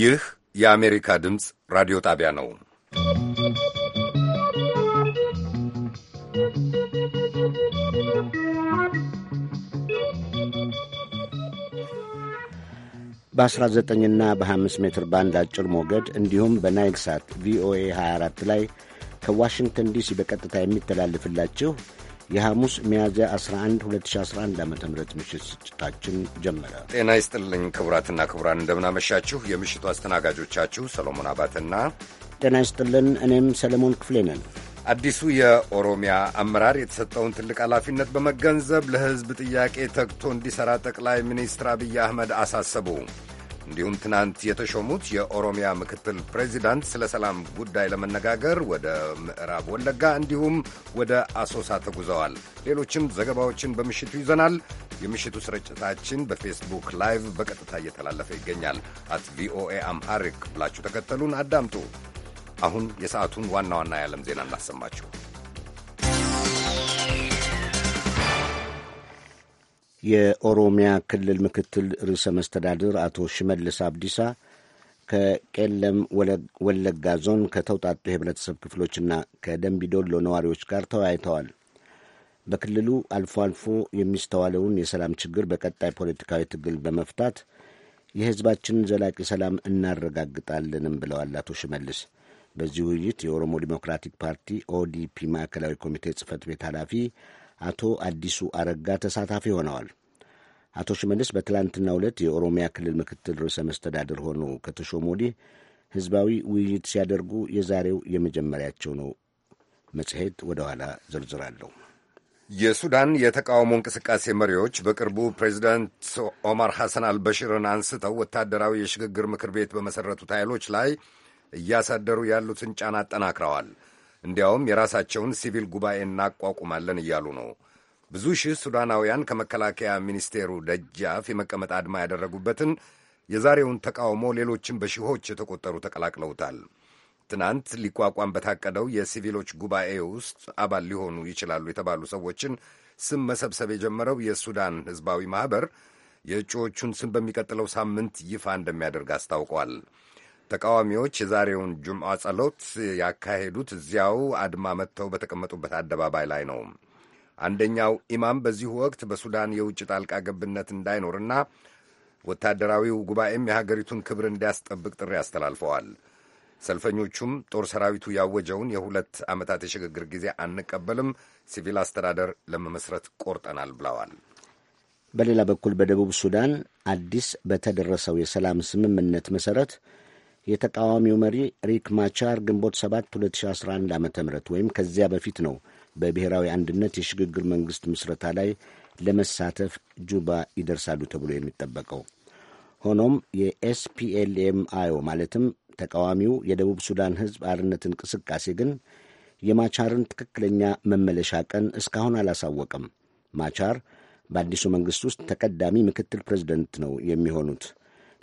ይህ የአሜሪካ ድምፅ ራዲዮ ጣቢያ ነው። በ19ና በ5 ሜትር ባንድ አጭር ሞገድ እንዲሁም በናይል ሳት ቪኦኤ 24 ላይ ከዋሽንግተን ዲሲ በቀጥታ የሚተላልፍላችሁ የሐሙስ ሚያዝያ 11 2011 ዓ ም ምሽት ስርጭታችን ጀመረ። ጤና ይስጥልኝ ክቡራትና ክቡራን፣ እንደምናመሻችሁ። የምሽቱ አስተናጋጆቻችሁ ሰሎሞን አባትና ጤና ይስጥልን፣ እኔም ሰለሞን ክፍሌ ነን። አዲሱ የኦሮሚያ አመራር የተሰጠውን ትልቅ ኃላፊነት በመገንዘብ ለሕዝብ ጥያቄ ተግቶ እንዲሠራ ጠቅላይ ሚኒስትር አብይ አህመድ አሳሰቡ። እንዲሁም ትናንት የተሾሙት የኦሮሚያ ምክትል ፕሬዚዳንት ስለ ሰላም ጉዳይ ለመነጋገር ወደ ምዕራብ ወለጋ እንዲሁም ወደ አሶሳ ተጉዘዋል። ሌሎችም ዘገባዎችን በምሽቱ ይዘናል። የምሽቱ ስርጭታችን በፌስቡክ ላይቭ በቀጥታ እየተላለፈ ይገኛል። አት ቪኦኤ አምሃሪክ ብላችሁ ተከተሉን አዳምጡ። አሁን የሰዓቱን ዋና ዋና የዓለም ዜና እናሰማችሁ። የኦሮሚያ ክልል ምክትል ርዕሰ መስተዳድር አቶ ሽመልስ አብዲሳ ከቄለም ወለጋ ዞን ከተውጣጡ የህብረተሰብ ክፍሎችና ከደንቢዶሎ ነዋሪዎች ጋር ተወያይተዋል። በክልሉ አልፎ አልፎ የሚስተዋለውን የሰላም ችግር በቀጣይ ፖለቲካዊ ትግል በመፍታት የህዝባችንን ዘላቂ ሰላም እናረጋግጣለንም ብለዋል አቶ ሽመልስ። በዚህ ውይይት የኦሮሞ ዲሞክራቲክ ፓርቲ ኦዲፒ ማዕከላዊ ኮሚቴ ጽህፈት ቤት ኃላፊ አቶ አዲሱ አረጋ ተሳታፊ ሆነዋል። አቶ ሽመልስ በትላንትናው ዕለት የኦሮሚያ ክልል ምክትል ርዕሰ መስተዳድር ሆነው ከተሾሙ ወዲህ ህዝባዊ ውይይት ሲያደርጉ የዛሬው የመጀመሪያቸው ነው። መጽሔት ወደ ኋላ ዝርዝራለሁ። የሱዳን የተቃውሞ እንቅስቃሴ መሪዎች በቅርቡ ፕሬዚዳንት ኦማር ሐሰን አልበሽርን አንስተው ወታደራዊ የሽግግር ምክር ቤት በመሠረቱት ኃይሎች ላይ እያሳደሩ ያሉትን ጫና አጠናክረዋል። እንዲያውም የራሳቸውን ሲቪል ጉባኤ እናቋቁማለን እያሉ ነው። ብዙ ሺህ ሱዳናውያን ከመከላከያ ሚኒስቴሩ ደጃፍ የመቀመጥ አድማ ያደረጉበትን የዛሬውን ተቃውሞ ሌሎችም በሺዎች የተቆጠሩ ተቀላቅለውታል። ትናንት ሊቋቋም በታቀደው የሲቪሎች ጉባኤ ውስጥ አባል ሊሆኑ ይችላሉ የተባሉ ሰዎችን ስም መሰብሰብ የጀመረው የሱዳን ሕዝባዊ ማኅበር የእጩዎቹን ስም በሚቀጥለው ሳምንት ይፋ እንደሚያደርግ አስታውቋል። ተቃዋሚዎች የዛሬውን ጁምዓ ጸሎት ያካሄዱት እዚያው አድማ መጥተው በተቀመጡበት አደባባይ ላይ ነው። አንደኛው ኢማም በዚሁ ወቅት በሱዳን የውጭ ጣልቃ ገብነት እንዳይኖርና ወታደራዊው ጉባኤም የሀገሪቱን ክብር እንዲያስጠብቅ ጥሪ አስተላልፈዋል። ሰልፈኞቹም ጦር ሰራዊቱ ያወጀውን የሁለት ዓመታት የሽግግር ጊዜ አንቀበልም፣ ሲቪል አስተዳደር ለመመስረት ቆርጠናል ብለዋል። በሌላ በኩል በደቡብ ሱዳን አዲስ በተደረሰው የሰላም ስምምነት መሠረት የተቃዋሚው መሪ ሪክ ማቻር ግንቦት 7 2011 ዓ ም ወይም ከዚያ በፊት ነው በብሔራዊ አንድነት የሽግግር መንግሥት ምስረታ ላይ ለመሳተፍ ጁባ ይደርሳሉ ተብሎ የሚጠበቀው። ሆኖም የኤስፒኤልኤምአዮ ማለትም ተቃዋሚው የደቡብ ሱዳን ሕዝብ አርነት እንቅስቃሴ ግን የማቻርን ትክክለኛ መመለሻ ቀን እስካሁን አላሳወቅም ማቻር በአዲሱ መንግሥት ውስጥ ተቀዳሚ ምክትል ፕሬዝደንት ነው የሚሆኑት።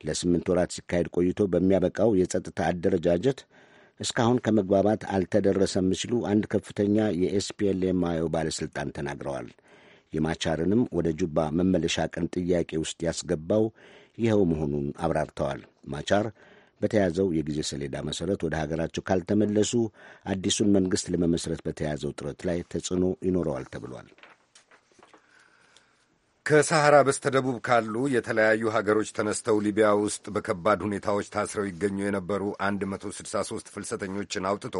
ለስምንት ወራት ሲካሄድ ቆይቶ በሚያበቃው የጸጥታ አደረጃጀት እስካሁን ከመግባባት አልተደረሰም ሲሉ አንድ ከፍተኛ የኤስፒኤልኤምአዮ ባለሥልጣን ተናግረዋል። የማቻርንም ወደ ጁባ መመለሻ ቀን ጥያቄ ውስጥ ያስገባው ይኸው መሆኑን አብራርተዋል። ማቻር በተያዘው የጊዜ ሰሌዳ መሠረት ወደ ሀገራቸው ካልተመለሱ አዲሱን መንግሥት ለመመስረት በተያዘው ጥረት ላይ ተጽዕኖ ይኖረዋል ተብሏል። ከሳሐራ በስተደቡብ ካሉ የተለያዩ ሀገሮች ተነስተው ሊቢያ ውስጥ በከባድ ሁኔታዎች ታስረው ይገኙ የነበሩ 163 ፍልሰተኞችን አውጥቶ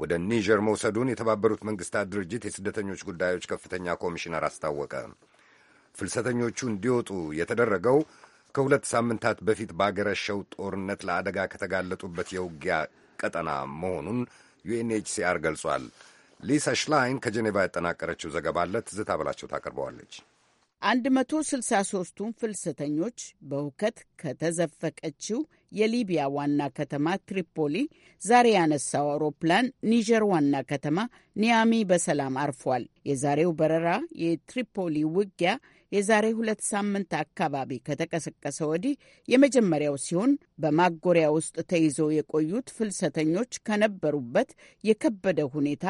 ወደ ኒጀር መውሰዱን የተባበሩት መንግስታት ድርጅት የስደተኞች ጉዳዮች ከፍተኛ ኮሚሽነር አስታወቀ። ፍልሰተኞቹ እንዲወጡ የተደረገው ከሁለት ሳምንታት በፊት ባገረሸው ጦርነት ለአደጋ ከተጋለጡበት የውጊያ ቀጠና መሆኑን ዩኤንኤችሲአር ገልጿል። ሊሳ ሽላይን ከጄኔቫ ያጠናቀረችው ዘገባ አለ። ትዝታ በላቸው ታቀርበዋለች። 163ቱን ፍልሰተኞች በሁከት ከተዘፈቀችው የሊቢያ ዋና ከተማ ትሪፖሊ ዛሬ ያነሳው አውሮፕላን ኒጀር ዋና ከተማ ኒያሚ በሰላም አርፏል። የዛሬው በረራ የትሪፖሊ ውጊያ የዛሬ ሁለት ሳምንት አካባቢ ከተቀሰቀሰ ወዲህ የመጀመሪያው ሲሆን በማጎሪያ ውስጥ ተይዘው የቆዩት ፍልሰተኞች ከነበሩበት የከበደ ሁኔታ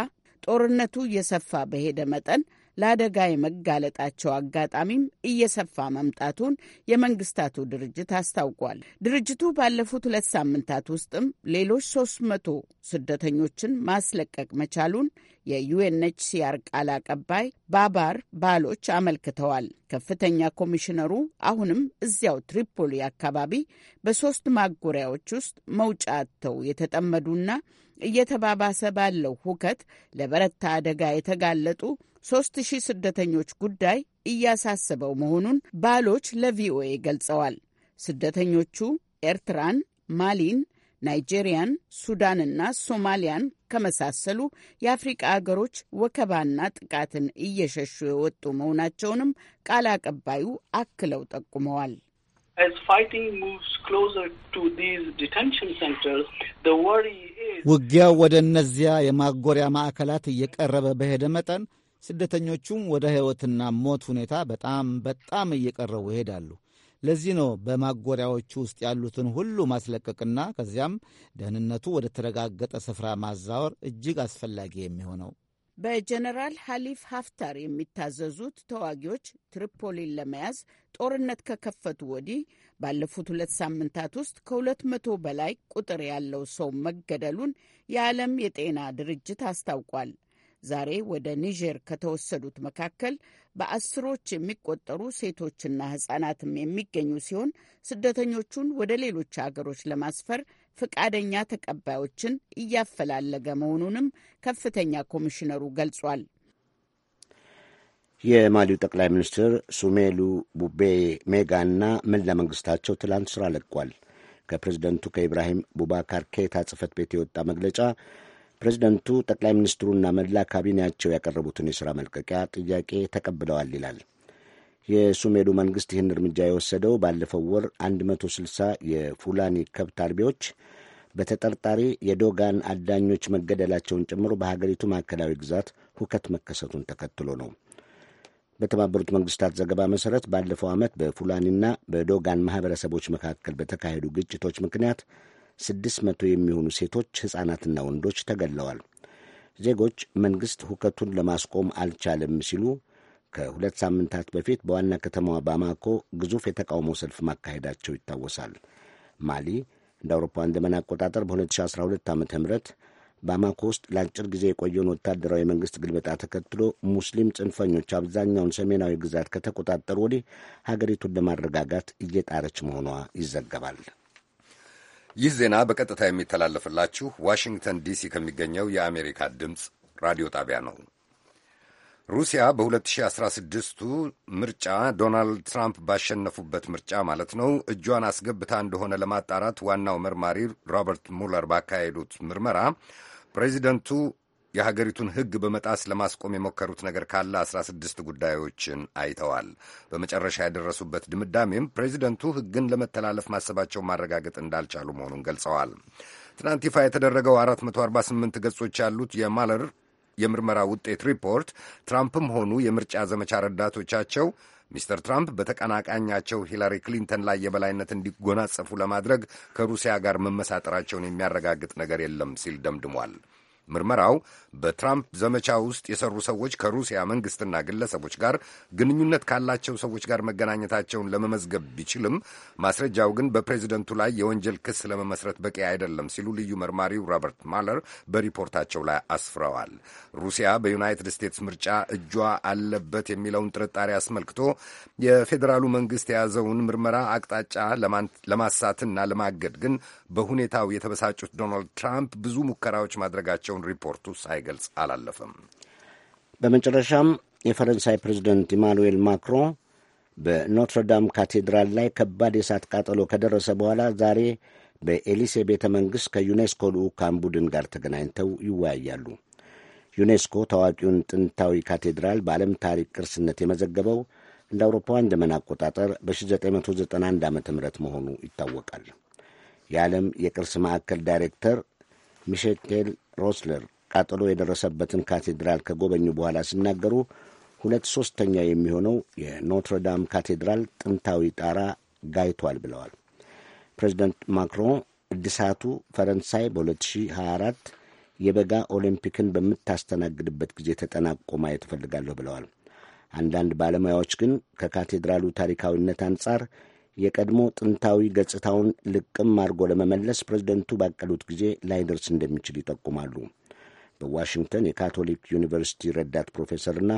ጦርነቱ እየሰፋ በሄደ መጠን ለአደጋ የመጋለጣቸው አጋጣሚም እየሰፋ መምጣቱን የመንግስታቱ ድርጅት አስታውቋል። ድርጅቱ ባለፉት ሁለት ሳምንታት ውስጥም ሌሎች ሶስት መቶ ስደተኞችን ማስለቀቅ መቻሉን የዩኤንኤችሲአር ቃል አቀባይ ባባር ባሎች አመልክተዋል። ከፍተኛ ኮሚሽነሩ አሁንም እዚያው ትሪፖሊ አካባቢ በሶስት ማጎሪያዎች ውስጥ መውጫ አጥተው የተጠመዱና እየተባባሰ ባለው ሁከት ለበረታ አደጋ የተጋለጡ ሶስት ሺህ ስደተኞች ጉዳይ እያሳሰበው መሆኑን ባሎች ለቪኦኤ ገልጸዋል። ስደተኞቹ ኤርትራን፣ ማሊን፣ ናይጄሪያን፣ ሱዳንና ሶማሊያን ከመሳሰሉ የአፍሪቃ አገሮች ወከባና ጥቃትን እየሸሹ የወጡ መሆናቸውንም ቃል አቀባዩ አክለው ጠቁመዋል። ውጊያው ወደ እነዚያ የማጎሪያ ማዕከላት እየቀረበ በሄደ መጠን ስደተኞቹም ወደ ሕይወትና ሞት ሁኔታ በጣም በጣም እየቀረቡ ይሄዳሉ። ለዚህ ነው በማጎሪያዎቹ ውስጥ ያሉትን ሁሉ ማስለቀቅና ከዚያም ደህንነቱ ወደ ተረጋገጠ ስፍራ ማዛወር እጅግ አስፈላጊ የሚሆነው። በጀነራል ሀሊፍ ሀፍታር የሚታዘዙት ተዋጊዎች ትሪፖሊን ለመያዝ ጦርነት ከከፈቱ ወዲህ ባለፉት ሁለት ሳምንታት ውስጥ ከሁለት መቶ በላይ ቁጥር ያለው ሰው መገደሉን የዓለም የጤና ድርጅት አስታውቋል። ዛሬ ወደ ኒጀር ከተወሰዱት መካከል በአስሮች የሚቆጠሩ ሴቶችና ህጻናትም የሚገኙ ሲሆን ስደተኞቹን ወደ ሌሎች አገሮች ለማስፈር ፈቃደኛ ተቀባዮችን እያፈላለገ መሆኑንም ከፍተኛ ኮሚሽነሩ ገልጿል። የማሊው ጠቅላይ ሚኒስትር ሱሜሉ ቡቤ ሜጋና መላ ለመንግስታቸው ትላንት ስራ ለቋል። ከፕሬዝደንቱ ከኢብራሂም ቡባካር ኬታ ጽፈት ቤት የወጣ መግለጫ ፕሬዚደንቱ ጠቅላይ ሚኒስትሩና መላ ካቢኔያቸው ያቀረቡትን የሥራ መልቀቂያ ጥያቄ ተቀብለዋል ይላል። የሱሜዱ መንግሥት ይህን እርምጃ የወሰደው ባለፈው ወር 160 የፉላኒ ከብት አርቢዎች በተጠርጣሪ የዶጋን አዳኞች መገደላቸውን ጨምሮ በሀገሪቱ ማዕከላዊ ግዛት ሁከት መከሰቱን ተከትሎ ነው። በተባበሩት መንግስታት ዘገባ መሠረት ባለፈው ዓመት በፉላኒና በዶጋን ማኅበረሰቦች መካከል በተካሄዱ ግጭቶች ምክንያት ስድስት መቶ የሚሆኑ ሴቶች ሕፃናትና ወንዶች ተገለዋል። ዜጎች መንግሥት ሁከቱን ለማስቆም አልቻለም ሲሉ ከሁለት ሳምንታት በፊት በዋና ከተማዋ ባማኮ ግዙፍ የተቃውሞ ሰልፍ ማካሄዳቸው ይታወሳል። ማሊ እንደ አውሮፓውያን ዘመን አቆጣጠር በ2012 ዓ ም ባማኮ ውስጥ ለአጭር ጊዜ የቆየውን ወታደራዊ መንግሥት ግልበጣ ተከትሎ ሙስሊም ጽንፈኞች አብዛኛውን ሰሜናዊ ግዛት ከተቆጣጠሩ ወዲህ ሀገሪቱን ለማረጋጋት እየጣረች መሆኗ ይዘገባል። ይህ ዜና በቀጥታ የሚተላለፍላችሁ ዋሽንግተን ዲሲ ከሚገኘው የአሜሪካ ድምፅ ራዲዮ ጣቢያ ነው። ሩሲያ በ2016ቱ ምርጫ ዶናልድ ትራምፕ ባሸነፉበት ምርጫ ማለት ነው እጇን አስገብታ እንደሆነ ለማጣራት ዋናው መርማሪ ሮበርት ሙለር ባካሄዱት ምርመራ ፕሬዚደንቱ የሀገሪቱን ሕግ በመጣስ ለማስቆም የሞከሩት ነገር ካለ አስራ ስድስት ጉዳዮችን አይተዋል። በመጨረሻ የደረሱበት ድምዳሜም ፕሬዚደንቱ ሕግን ለመተላለፍ ማሰባቸውን ማረጋገጥ እንዳልቻሉ መሆኑን ገልጸዋል። ትናንት ይፋ የተደረገው 448 ገጾች ያሉት የማለር የምርመራ ውጤት ሪፖርት ትራምፕም ሆኑ የምርጫ ዘመቻ ረዳቶቻቸው ሚስተር ትራምፕ በተቀናቃኛቸው ሂላሪ ክሊንተን ላይ የበላይነት እንዲጎናጸፉ ለማድረግ ከሩሲያ ጋር መመሳጠራቸውን የሚያረጋግጥ ነገር የለም ሲል ደምድሟል። ምርመራው በትራምፕ ዘመቻ ውስጥ የሰሩ ሰዎች ከሩሲያ መንግስትና ግለሰቦች ጋር ግንኙነት ካላቸው ሰዎች ጋር መገናኘታቸውን ለመመዝገብ ቢችልም ማስረጃው ግን በፕሬዚደንቱ ላይ የወንጀል ክስ ለመመስረት በቂ አይደለም ሲሉ ልዩ መርማሪው ሮበርት ማለር በሪፖርታቸው ላይ አስፍረዋል። ሩሲያ በዩናይትድ ስቴትስ ምርጫ እጇ አለበት የሚለውን ጥርጣሬ አስመልክቶ የፌዴራሉ መንግስት የያዘውን ምርመራ አቅጣጫ ለማሳትና ለማገድ ግን በሁኔታው የተበሳጩት ዶናልድ ትራምፕ ብዙ ሙከራዎች ማድረጋቸው መሆናቸውን ሪፖርቱ ሳይገልጽ አላለፈም። በመጨረሻም የፈረንሳይ ፕሬዚደንት ኢማኑዌል ማክሮን በኖትርዳም ካቴድራል ላይ ከባድ የእሳት ቃጠሎ ከደረሰ በኋላ ዛሬ በኤሊሴ ቤተ መንግሥት ከዩኔስኮ ልዑካን ቡድን ጋር ተገናኝተው ይወያያሉ። ዩኔስኮ ታዋቂውን ጥንታዊ ካቴድራል በዓለም ታሪክ ቅርስነት የመዘገበው እንደ አውሮፓውያን ዘመን አቆጣጠር በ1991 ዓ ም መሆኑ ይታወቃል። የዓለም የቅርስ ማዕከል ዳይሬክተር ሚሼል ሮስለር ቃጠሎ የደረሰበትን ካቴድራል ከጎበኙ በኋላ ሲናገሩ ሁለት ሦስተኛ የሚሆነው የኖትረዳም ካቴድራል ጥንታዊ ጣራ ጋይቷል ብለዋል። ፕሬዚደንት ማክሮን እድሳቱ ፈረንሳይ በ2024 የበጋ ኦሊምፒክን በምታስተናግድበት ጊዜ ተጠናቆ ማየት እፈልጋለሁ ብለዋል። አንዳንድ ባለሙያዎች ግን ከካቴድራሉ ታሪካዊነት አንጻር የቀድሞ ጥንታዊ ገጽታውን ልቅም አድርጎ ለመመለስ ፕሬዝደንቱ ባቀሉት ጊዜ ላይደርስ እንደሚችል ይጠቁማሉ። በዋሽንግተን የካቶሊክ ዩኒቨርሲቲ ረዳት ፕሮፌሰርና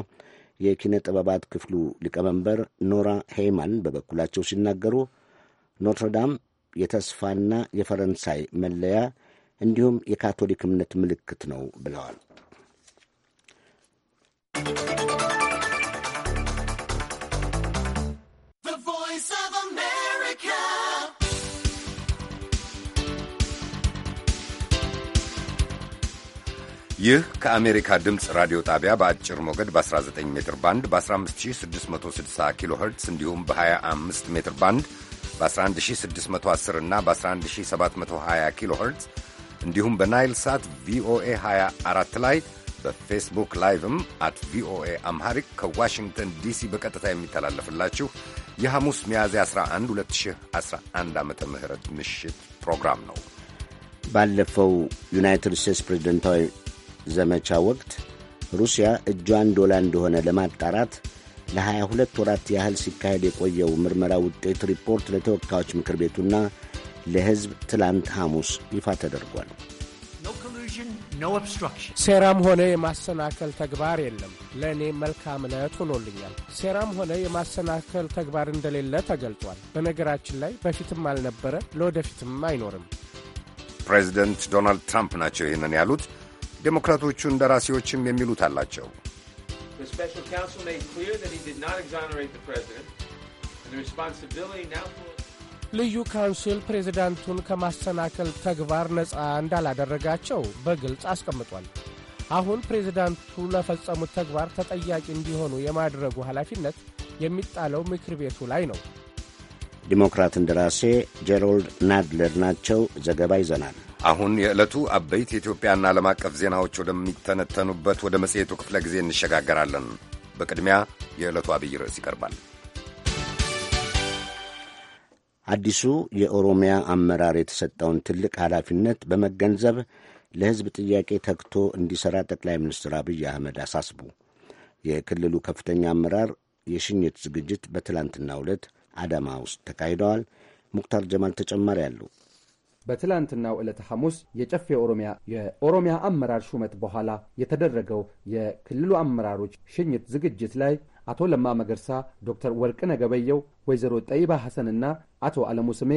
የኪነ ጥበባት ክፍሉ ሊቀመንበር ኖራ ሄይማን በበኩላቸው ሲናገሩ ኖትርዳም የተስፋና የፈረንሳይ መለያ እንዲሁም የካቶሊክ እምነት ምልክት ነው ብለዋል። ይህ ከአሜሪካ ድምፅ ራዲዮ ጣቢያ በአጭር ሞገድ በ19 ሜትር ባንድ በ15660 ኪሎ ኸርትስ እንዲሁም በ25 ሜትር ባንድ በ11610 እና በ11720 ኪሎ ኸርትስ እንዲሁም በናይል ሳት ቪኦኤ 24 ላይ በፌስቡክ ላይቭም አት ቪኦኤ አምሃሪክ ከዋሽንግተን ዲሲ በቀጥታ የሚተላለፍላችሁ የሐሙስ ሚያዝያ 11 2011 ዓ ም ምሽት ፕሮግራም ነው። ባለፈው ዩናይትድ ስቴትስ ፕሬዚደንታዊ ዘመቻ ወቅት ሩሲያ እጇን ዶላ እንደሆነ ለማጣራት ለ22 ወራት ያህል ሲካሄድ የቆየው ምርመራ ውጤት ሪፖርት ለተወካዮች ምክር ቤቱና ለሕዝብ ትላንት ሐሙስ ይፋ ተደርጓል። ሴራም ሆነ የማሰናከል ተግባር የለም። ለእኔ መልካም ዕለት ሆኖልኛል። ሴራም ሆነ የማሰናከል ተግባር እንደሌለ ተገልጧል። በነገራችን ላይ በፊትም አልነበረ፣ ለወደፊትም አይኖርም። ፕሬዚደንት ዶናልድ ትራምፕ ናቸው ይህንን ያሉት። ዴሞክራቶቹ እንደራሴዎችም የሚሉት አላቸው። ልዩ ካውንስል ፕሬዚዳንቱን ከማሰናከል ተግባር ነፃ እንዳላደረጋቸው በግልጽ አስቀምጧል። አሁን ፕሬዚዳንቱ ለፈጸሙት ተግባር ተጠያቂ እንዲሆኑ የማድረጉ ኃላፊነት የሚጣለው ምክር ቤቱ ላይ ነው። ዲሞክራት እንደራሴ ጄሮልድ ናድለር ናቸው። ዘገባ ይዘናል። አሁን የዕለቱ አበይት የኢትዮጵያና ዓለም አቀፍ ዜናዎች ወደሚተነተኑበት ወደ መጽሔቱ ክፍለ ጊዜ እንሸጋገራለን። በቅድሚያ የዕለቱ አብይ ርዕስ ይቀርባል። አዲሱ የኦሮሚያ አመራር የተሰጠውን ትልቅ ኃላፊነት በመገንዘብ ለሕዝብ ጥያቄ ተግቶ እንዲሠራ ጠቅላይ ሚኒስትር አብይ አህመድ አሳስቡ። የክልሉ ከፍተኛ አመራር የሽኝት ዝግጅት በትላንትናው ዕለት አዳማ ውስጥ ተካሂደዋል። ሙክታር ጀማል ተጨማሪ አለው። በትላንትናው ዕለተ ሐሙስ የጨፌ የኦሮሚያ የኦሮሚያ አመራር ሹመት በኋላ የተደረገው የክልሉ አመራሮች ሽኝት ዝግጅት ላይ አቶ ለማ መገርሳ፣ ዶክተር ወርቅነህ ነገበየው፣ ወይዘሮ ጠይባ ሐሰንና አቶ አለሙ ስሜ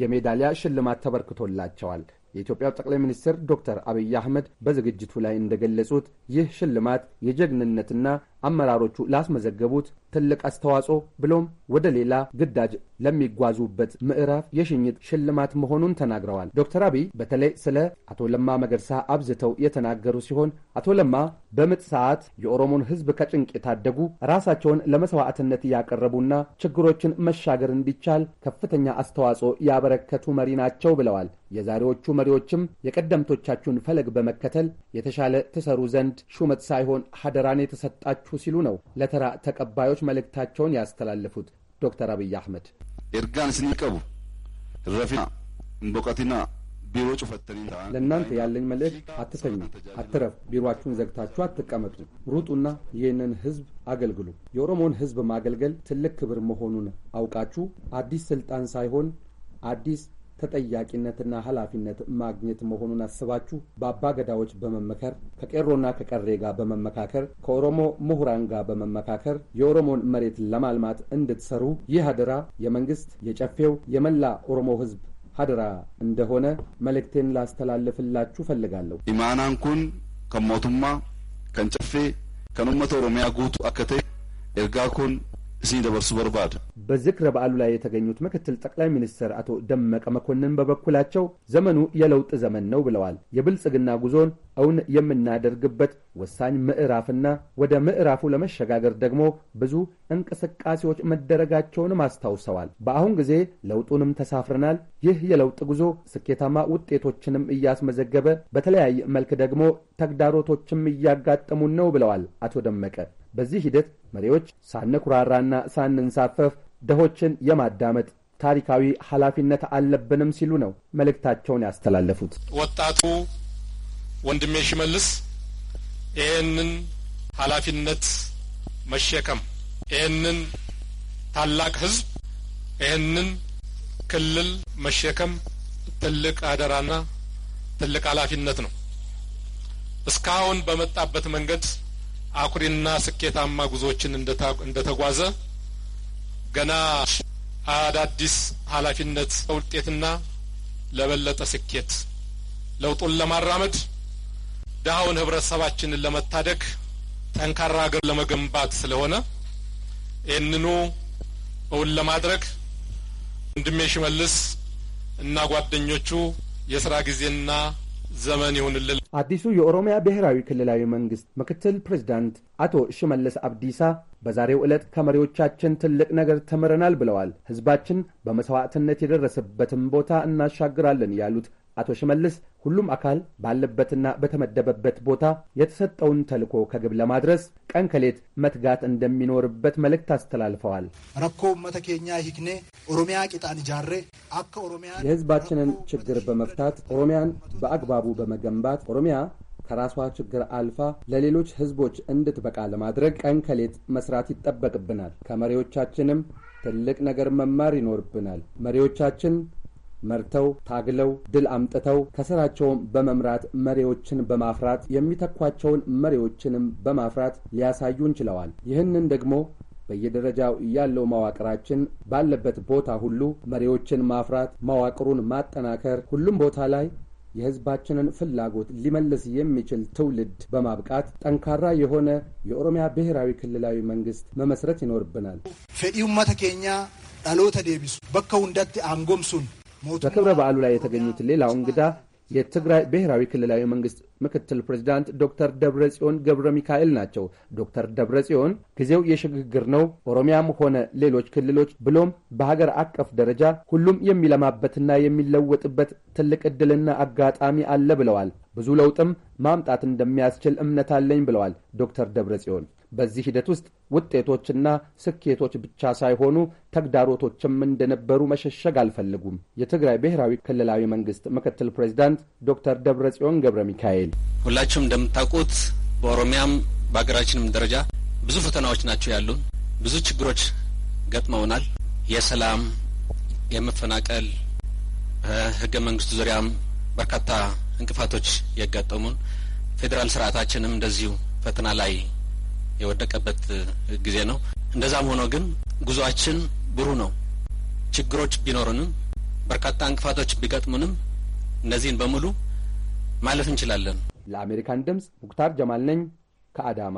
የሜዳሊያ ሽልማት ተበርክቶላቸዋል። የኢትዮጵያው ጠቅላይ ሚኒስትር ዶክተር አብይ አህመድ በዝግጅቱ ላይ እንደገለጹት ይህ ሽልማት የጀግንነትና አመራሮቹ ላስመዘገቡት ትልቅ አስተዋጽኦ ብሎም ወደ ሌላ ግዳጅ ለሚጓዙበት ምዕራፍ የሽኝት ሽልማት መሆኑን ተናግረዋል። ዶክተር አብይ በተለይ ስለ አቶ ለማ መገርሳ አብዝተው የተናገሩ ሲሆን አቶ ለማ በምጥ ሰዓት የኦሮሞን ሕዝብ ከጭንቅ የታደጉ ራሳቸውን ለመስዋዕትነት ያቀረቡና ችግሮችን መሻገር እንዲቻል ከፍተኛ አስተዋጽኦ ያበረከቱ መሪ ናቸው ብለዋል። የዛሬዎቹ መሪዎችም የቀደምቶቻችሁን ፈለግ በመከተል የተሻለ ትሰሩ ዘንድ ሹመት ሳይሆን ሀደራን የተሰጣችሁ አሳተፉ ሲሉ ነው ለተራ ተቀባዮች መልእክታቸውን ያስተላለፉት ዶክተር አብይ አህመድ ኤርጋን ስንቀቡ ረፊና እንቦቀቲና ቢሮ ጩፈተኒ ለእናንተ ያለኝ መልእክት አትተኙ፣ አትረፉ፣ ቢሮአችሁን ዘግታችሁ አትቀመጡ፣ ሩጡና ይህንን ህዝብ አገልግሉ። የኦሮሞን ህዝብ ማገልገል ትልቅ ክብር መሆኑን አውቃችሁ አዲስ ስልጣን ሳይሆን አዲስ ተጠያቂነትና ኃላፊነት ማግኘት መሆኑን አስባችሁ በአባገዳዎች በመመከር ከቄሮና ከቀሬ ጋር በመመካከር ከኦሮሞ ምሁራን ጋር በመመካከር የኦሮሞን መሬት ለማልማት እንድትሰሩ ይህ አደራ የመንግስት የጨፌው የመላ ኦሮሞ ህዝብ ሀደራ እንደሆነ መልእክቴን ላስተላልፍላችሁ ፈልጋለሁ። ኢማናን ኩን ከሞቱማ ከንጨፌ ከኑመተ ኦሮሚያ ጉቱ አከቴ ኤርጋ ኩን ሲደበርሱ በርባድ በዝክረ በዓሉ ላይ የተገኙት ምክትል ጠቅላይ ሚኒስትር አቶ ደመቀ መኮንን በበኩላቸው ዘመኑ የለውጥ ዘመን ነው ብለዋል። የብልጽግና ጉዞን እውን የምናደርግበት ወሳኝ ምዕራፍና ወደ ምዕራፉ ለመሸጋገር ደግሞ ብዙ እንቅስቃሴዎች መደረጋቸውንም አስታውሰዋል። በአሁን ጊዜ ለውጡንም ተሳፍረናል። ይህ የለውጥ ጉዞ ስኬታማ ውጤቶችንም እያስመዘገበ በተለያየ መልክ ደግሞ ተግዳሮቶችም እያጋጠሙን ነው ብለዋል አቶ ደመቀ በዚህ ሂደት መሪዎች ሳንኩራራና ሳንንሳፈፍ ደሆችን የማዳመጥ ታሪካዊ ኃላፊነት አለብንም ሲሉ ነው መልእክታቸውን ያስተላለፉት። ወጣቱ ወንድሜ ሽመልስ ይህንን ኃላፊነት መሸከም ይህንን ታላቅ ህዝብ ይህንን ክልል መሸከም ትልቅ አደራና ትልቅ ኃላፊነት ነው። እስካሁን በመጣበት መንገድ አኩሪና ስኬታማ ጉዞዎችን እንደተጓዘ ገና አዳዲስ ኃላፊነት ውጤትና ለበለጠ ስኬት ለውጡን ለማራመድ ድሀውን ህብረተሰባችንን ለመታደግ ጠንካራ ሀገር ለመገንባት ስለሆነ ይህንኑ እውን ለማድረግ ወንድሜ ሽመልስ እና ጓደኞቹ የስራ ጊዜና ዘመን ይሁንልን። አዲሱ የኦሮሚያ ብሔራዊ ክልላዊ መንግስት ምክትል ፕሬዚዳንት አቶ ሽመለስ አብዲሳ በዛሬው ዕለት ከመሪዎቻችን ትልቅ ነገር ተምረናል ብለዋል። ህዝባችን በመስዋዕትነት የደረሰበትን ቦታ እናሻግራለን ያሉት አቶ ሽመልስ ሁሉም አካል ባለበትና በተመደበበት ቦታ የተሰጠውን ተልዕኮ ከግብ ለማድረስ ቀን ከሌት መትጋት እንደሚኖርበት መልእክት አስተላልፈዋል። ረኮ መተኬኛ ሂክኔ ኦሮሚያ ቂጣን ጃሬ አከ ኦሮሚያ የህዝባችንን ችግር በመፍታት ኦሮሚያን በአግባቡ በመገንባት ኦሮሚያ ከራሷ ችግር አልፋ ለሌሎች ህዝቦች እንድትበቃ ለማድረግ ቀን ከሌት መስራት ይጠበቅብናል። ከመሪዎቻችንም ትልቅ ነገር መማር ይኖርብናል። መሪዎቻችን መርተው ታግለው ድል አምጥተው ከስራቸውን በመምራት መሪዎችን በማፍራት የሚተኳቸውን መሪዎችንም በማፍራት ሊያሳዩን ችለዋል። ይህንን ደግሞ በየደረጃው ያለው መዋቅራችን ባለበት ቦታ ሁሉ መሪዎችን ማፍራት፣ መዋቅሩን ማጠናከር፣ ሁሉም ቦታ ላይ የሕዝባችንን ፍላጎት ሊመልስ የሚችል ትውልድ በማብቃት ጠንካራ የሆነ የኦሮሚያ ብሔራዊ ክልላዊ መንግስት መመስረት ይኖርብናል። ፌዲ ኡመተ ኬኛ ዳሎተ ዴቢሱ አንጎምሱን በክብረ በዓሉ ላይ የተገኙት ሌላው እንግዳ የትግራይ ብሔራዊ ክልላዊ መንግስት ምክትል ፕሬዚዳንት ዶክተር ደብረ ጽዮን ገብረ ሚካኤል ናቸው። ዶክተር ደብረ ጽዮን ጊዜው የሽግግር ነው፣ ኦሮሚያም ሆነ ሌሎች ክልሎች ብሎም በሀገር አቀፍ ደረጃ ሁሉም የሚለማበትና የሚለወጥበት ትልቅ ዕድልና አጋጣሚ አለ ብለዋል። ብዙ ለውጥም ማምጣት እንደሚያስችል እምነት አለኝ ብለዋል ዶክተር ደብረ ጽዮን በዚህ ሂደት ውስጥ ውጤቶችና ስኬቶች ብቻ ሳይሆኑ ተግዳሮቶችም እንደነበሩ መሸሸግ አልፈልጉም። የትግራይ ብሔራዊ ክልላዊ መንግስት ምክትል ፕሬዚዳንት ዶክተር ደብረጽዮን ገብረ ሚካኤል ሁላችሁም እንደምታውቁት በኦሮሚያም በሀገራችንም ደረጃ ብዙ ፈተናዎች ናቸው ያሉን። ብዙ ችግሮች ገጥመውናል። የሰላም የመፈናቀል ህገ መንግስቱ ዙሪያም በርካታ እንቅፋቶች የገጠሙን ፌዴራል ስርዓታችንም እንደዚሁ ፈተና ላይ የወደቀበት ጊዜ ነው። እንደዛም ሆኖ ግን ጉዞአችን ብሩህ ነው። ችግሮች ቢኖሩንም በርካታ እንቅፋቶች ቢገጥሙንም እነዚህን በሙሉ ማለፍ እንችላለን። ለአሜሪካን ድምፅ ሙክታር ጀማል ነኝ ከአዳማ።